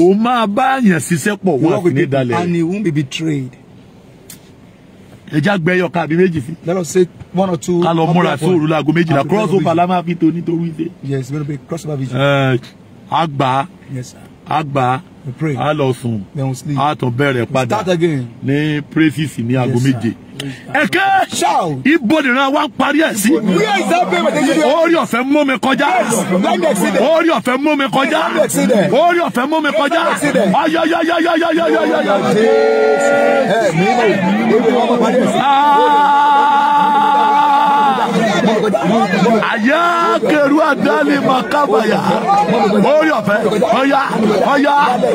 òun máa báyàn ṣiṣẹ́ pọ̀ wọ́n á fi ní dalẹ̀. and he won't be betrayed ẹja gbẹ ẹyọ kan méjì sí. let us say one or two. ká lọ múra sí òru láago méjìlá cross la máa fi to nítorí ṣe. yes very big cross vision. ẹ àgbà. yes sir a gbà á lọ sùn á tún bẹ̀rẹ̀ padà ní praises ní aago méje ẹ̀kẹ́ ibodè náà wá ń parí ẹ̀ sí orí ọ̀fẹ́ mú mi kọjá orí ọ̀fẹ́ mú mi kọjá orí ọ̀fẹ́ mú mi kọjá ayọyọyọyọyọyọyọ àyà kẹrù àdáni makabaya orí ọ̀fẹ́ ọ̀yà ọ̀yà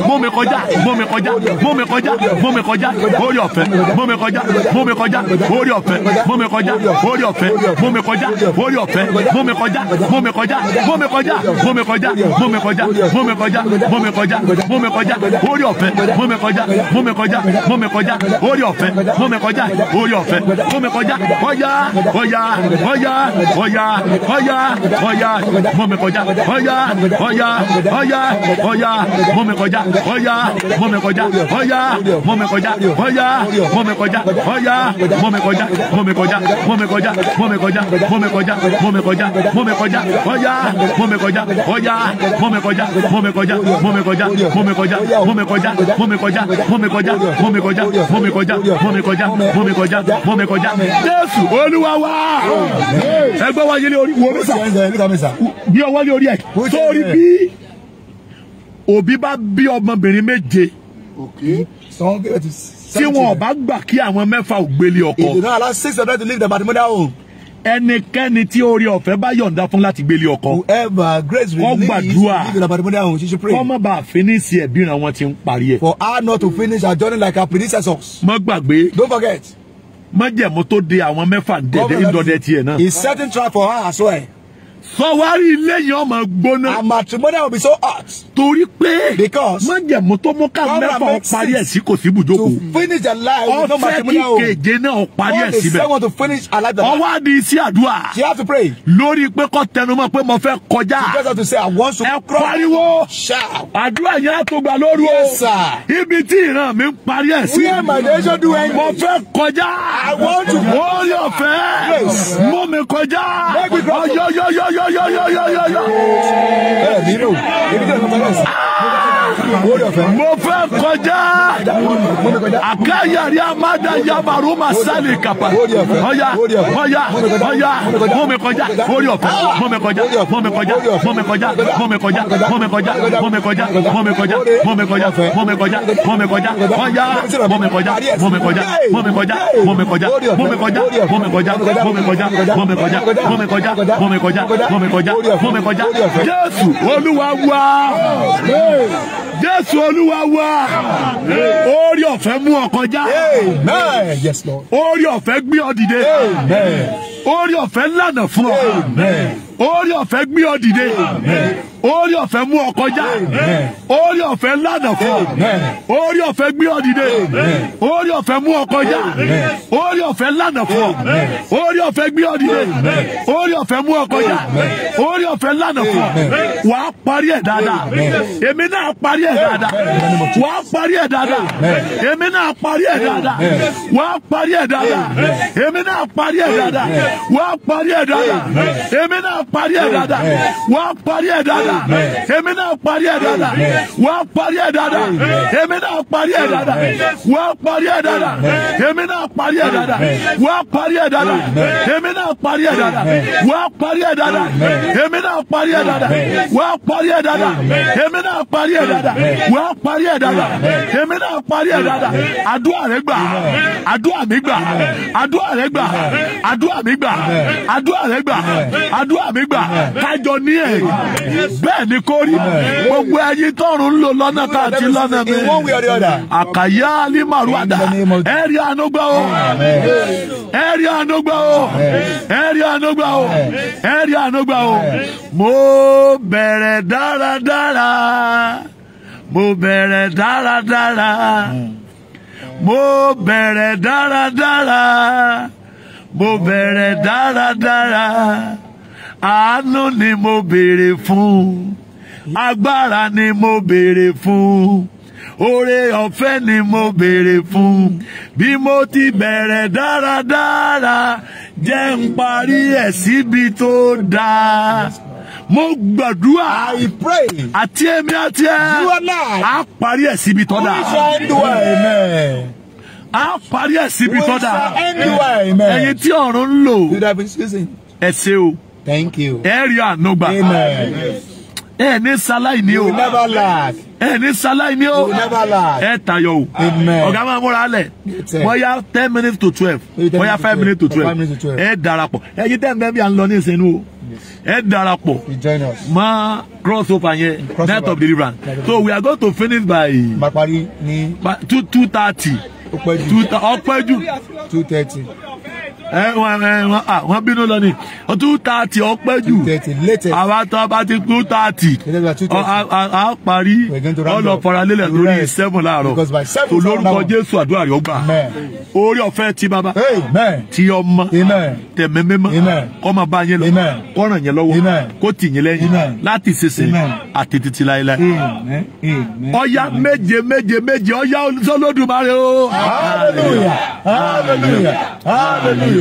mọ́mi kọjá mọ́mi kọjá mọ́mi kọjá mọ́mi kọjá orí ọ̀fẹ́ mọ́mi kọjá mọ́mi kọjá orí ọ̀fẹ́ mọ́mi kọjá orí ọ̀fẹ́ mọ́mi kọjá orí ọ̀fẹ́ mọ́mi kọjá mọ́mi kọjá mọ́mi kọjá mọ́mi kọjá mọ́mi kọjá mọ́mi kọjá mọ́mi kọjá mọ́mi kọjá orí ọ̀fẹ́ mọ́mi kọjá mọ́mi kọjá mọ́mi kọjá orí ọ̀fẹ́ mọ́mi kọjá orí ọ̀fẹ́ mọ́mi kọjá ọ̀yà ọ̀yà ọ̀yà Oya, Oya, Oya, ọ̀yà ọ̀yà ọ̀yà Oya, mi Oya, ọ̀yà ọ̀yà ọ̀yà ọ̀yà mọ́ mi kọjá ọ̀yà mọ́ mi kọjá ọ̀yà mọ́ mi kọjá ọ̀yà mọ́ mi kọjá ọ̀yà mọ́ mi kọjá mọ́ mi kọjá mọ́ mi kọjá mọ́ mi kọjá mọ́ mi kọjá mọ́ mi kọjá mọ́ mi kọjá ọ̀yà mọ́ mi kọjá ọ̀yà mọ́ mi kọjá mọ́ mi kọjá mọ́ mi kọjá mọ́ mi kọjá mọ́ mi kọjá mọ́ mi kọjá mọ́ mi kọjá mọ́ mi kọjá mọ́ mi kọjá mọ́ mi kọjá mọ́ mi kọjá mọ́ mi kọjá Jésù Olúwa wa ẹgbẹ́ wáyé lé orí wo mi sà bí ọwọ́ lé orí ẹ̀ sórí bí òbí bá bí ọmọbìnrin méje tí wọn bá gbà kí àwọn mẹ́fà ò gbélé ọkọ. ìdènà alá to leave the matrimonial home ẹnikẹ́ni tí oore ọ̀fẹ́ bá yọ̀ǹda fún láti gbélé ọkọ. whoever grace will lead you to the home she should pray. kọ́mọ́ bá fínísì ẹ̀bí ìran wọn ti ń parí ẹ̀. for her not to finish her journey like her predecessors. má gbàgbé. don't forget májẹ̀mú tó de àwọn mẹ́fà dẹ̀dẹ̀ ìdọ̀dẹ̀ tiẹ̀ náà. he setting trap for her as well sọwárí ilé yẹn ọmọ gbóná. and matrimony will be so hot. torí pé májẹ̀mú tó mú ká mẹ́fà parí ẹ̀ sí kò sí ibùjókòó. to finish the life with no matrimonial home. ọfẹ́ kíkeje náà parí ẹ̀ síbẹ̀. all the seven to finish her life. ọwọ́ adi iṣẹ́ àdúrà. she has to pray. lórí pé kọ́ tẹnumọ́ pé mo fẹ́ kọjá. she just have to say I want to. ẹ pariwo àdúrà yẹn á tó gbà lóru o. yes sir. ibi tí ìran mi ń parí ẹ̀ sí. where my nation do anything. mo fẹ́ kọjá. I want to. wọ́n yọ̀ fẹ́. yes. mú mi kọjá. make we go. yo, yo, yo, yo, yo, yo. Mira, Dino, mira, mira, mira, mira. mo fẹ́ kọjá àkáyàrí amáda yabaru masali kapa ọ̀ya ọ̀ya ọ̀ya mú mi kọjá orí ọ̀fẹ́ mú mi kọjá mú mi kọjá mú mi kọjá mú mi kọjá mú mi kọjá mú mi kọjá mú mi kọjá mú mi kọjá mú mi kọjá mú mi kọjá ọ̀ya mú mi kọjá mú mi kọjá mú mi kọjá mú mi kọjá mú mi kọjá mú mi kọjá mú mi kọjá mú mi kọjá mú mi kọjá mú mi kọjá mú mi kọjá mú mi kọjá Jésù Olúwa wa jésù olúwa wá orí ọ̀fẹ́ mú ọ kọjá orí ọ̀fẹ́ gbé ọ dìde orí ọ̀fẹ́ lànà fún ọ orí ọ̀fẹ́ gbé ọ dìde orí ọ̀fẹ́ mú ọ kọjá orí ọ̀fẹ́ lànà fún ọ orí ọ̀fẹ́ gbé ọ dìde orí ọ̀fẹ́ mú ọ kọjá orí ọ̀fẹ́ lànà fún ọ orí ọ̀fẹ́ gbé ọ dìde orí ọ̀fẹ́ mú ọ kọjá orí ọ̀fẹ́ lànà fún ọ wàá parí ẹ̀ dáadáa èmi náà parí ẹ̀ dáadáa wà á parí ẹ̀ dáadáa èmi náà parí ẹ̀ dáadáa wà á parí ẹ̀ dáadáa èmi náà parí ẹ̀ dáadáa wà á parí ẹ̀ dáadáa èmi náà parí ẹ̀ dáadáa wà á parí ẹ̀ dáadáa èmi náà parí ẹ̀ dáadáa wà á parí ẹ̀ dáadáa èmi náà parí ẹ̀ dáadáa wà á parí ẹ̀ dáadáa èmi náà parí ẹ̀ dáadáa wà parí ẹ̀ dáadáa èmi náà parí ẹ̀ dáadáa wà parí ẹ̀ dáadáa èmi náà parí ẹ̀ dáadáa wà parí ẹ̀ dáadáa èmi náà parí ẹ̀ dáadáa. dada wọ́n parí ẹ̀ dada èmi náà parí ẹ̀ dada àdúrà rẹ gbà àdúrà mi gbà àdúrà rẹ gbà àdúrà mi gbà àdúrà rẹ gbà àdúrà mi gbà kájọ ní ẹ̀ bẹ́ẹ̀ ni kò rí gbogbo ẹyin tọrùn ń lò lọ́nà tá a ti lọ́nà mi àkàyà alimaru àdá ẹ̀rí ànúgbà o ẹ̀rí ànúgbà o ẹ̀rí ànúgbà o ẹ̀rí ànúgbà o mo bẹ̀rẹ̀ dáradára. mo bẹ̀rẹ̀ dáradára mo bẹ̀rẹ̀ dáradára mo bẹ̀rẹ̀ dáradára àánú ni mo béèrè fún agbára ni mo béèrè fún oore ọ̀fẹ́ ni mo béèrè fún bí mo ti bẹ̀rẹ̀ dáradára jẹ́ n parí ẹ̀ síbi tó dáa mo gbàdúrà. I pray. àti èmi àti ẹ. you are I. a parí ẹ̀ síbi tọ́ we shall end well. amen a parí ẹ̀ síbi tó dáa ẹ̀yin tí ọ̀run ń lò ẹ ṣé o ẹ rí àánú gbà ẹ ní sáláì ní o ẹ ní sáláì ní o ẹ tayọ o ọ̀gá máa múra lẹ̀ bóyá ten minutes to twelve bóyá five minutes to twelve ẹ darapọ̀ ẹyin tẹ́ ń bẹ́ẹ̀ bí à ń lọ ní ìsinú o ẹ darapọ̀ mọ́ cross over yẹn night of deliverance so we are going to finish by two two thirty ọpẹ́jù two thirty wọ́n bínú lọ ni two thirty ọpẹ́ jù àwa tó a bá ti two thirty a parí ọlọ faralélẹ̀ lórí seven láàárọ̀ tó lórúkọ Jésù àdúrà rẹ̀ ó gbà orí ọ̀fẹ́ ti bàbá ti ọmọ tẹ̀mẹ́mẹ́mọ́ kó máa bá yín lọ kó ràn yín lọ́wọ́ kó tì yín lẹ́yìn láti ṣẹṣẹ àti títí láéláé ọ̀yá méje méje méje ọ̀yá Olódùmarè o. hallelujah hallelujah hallelujah.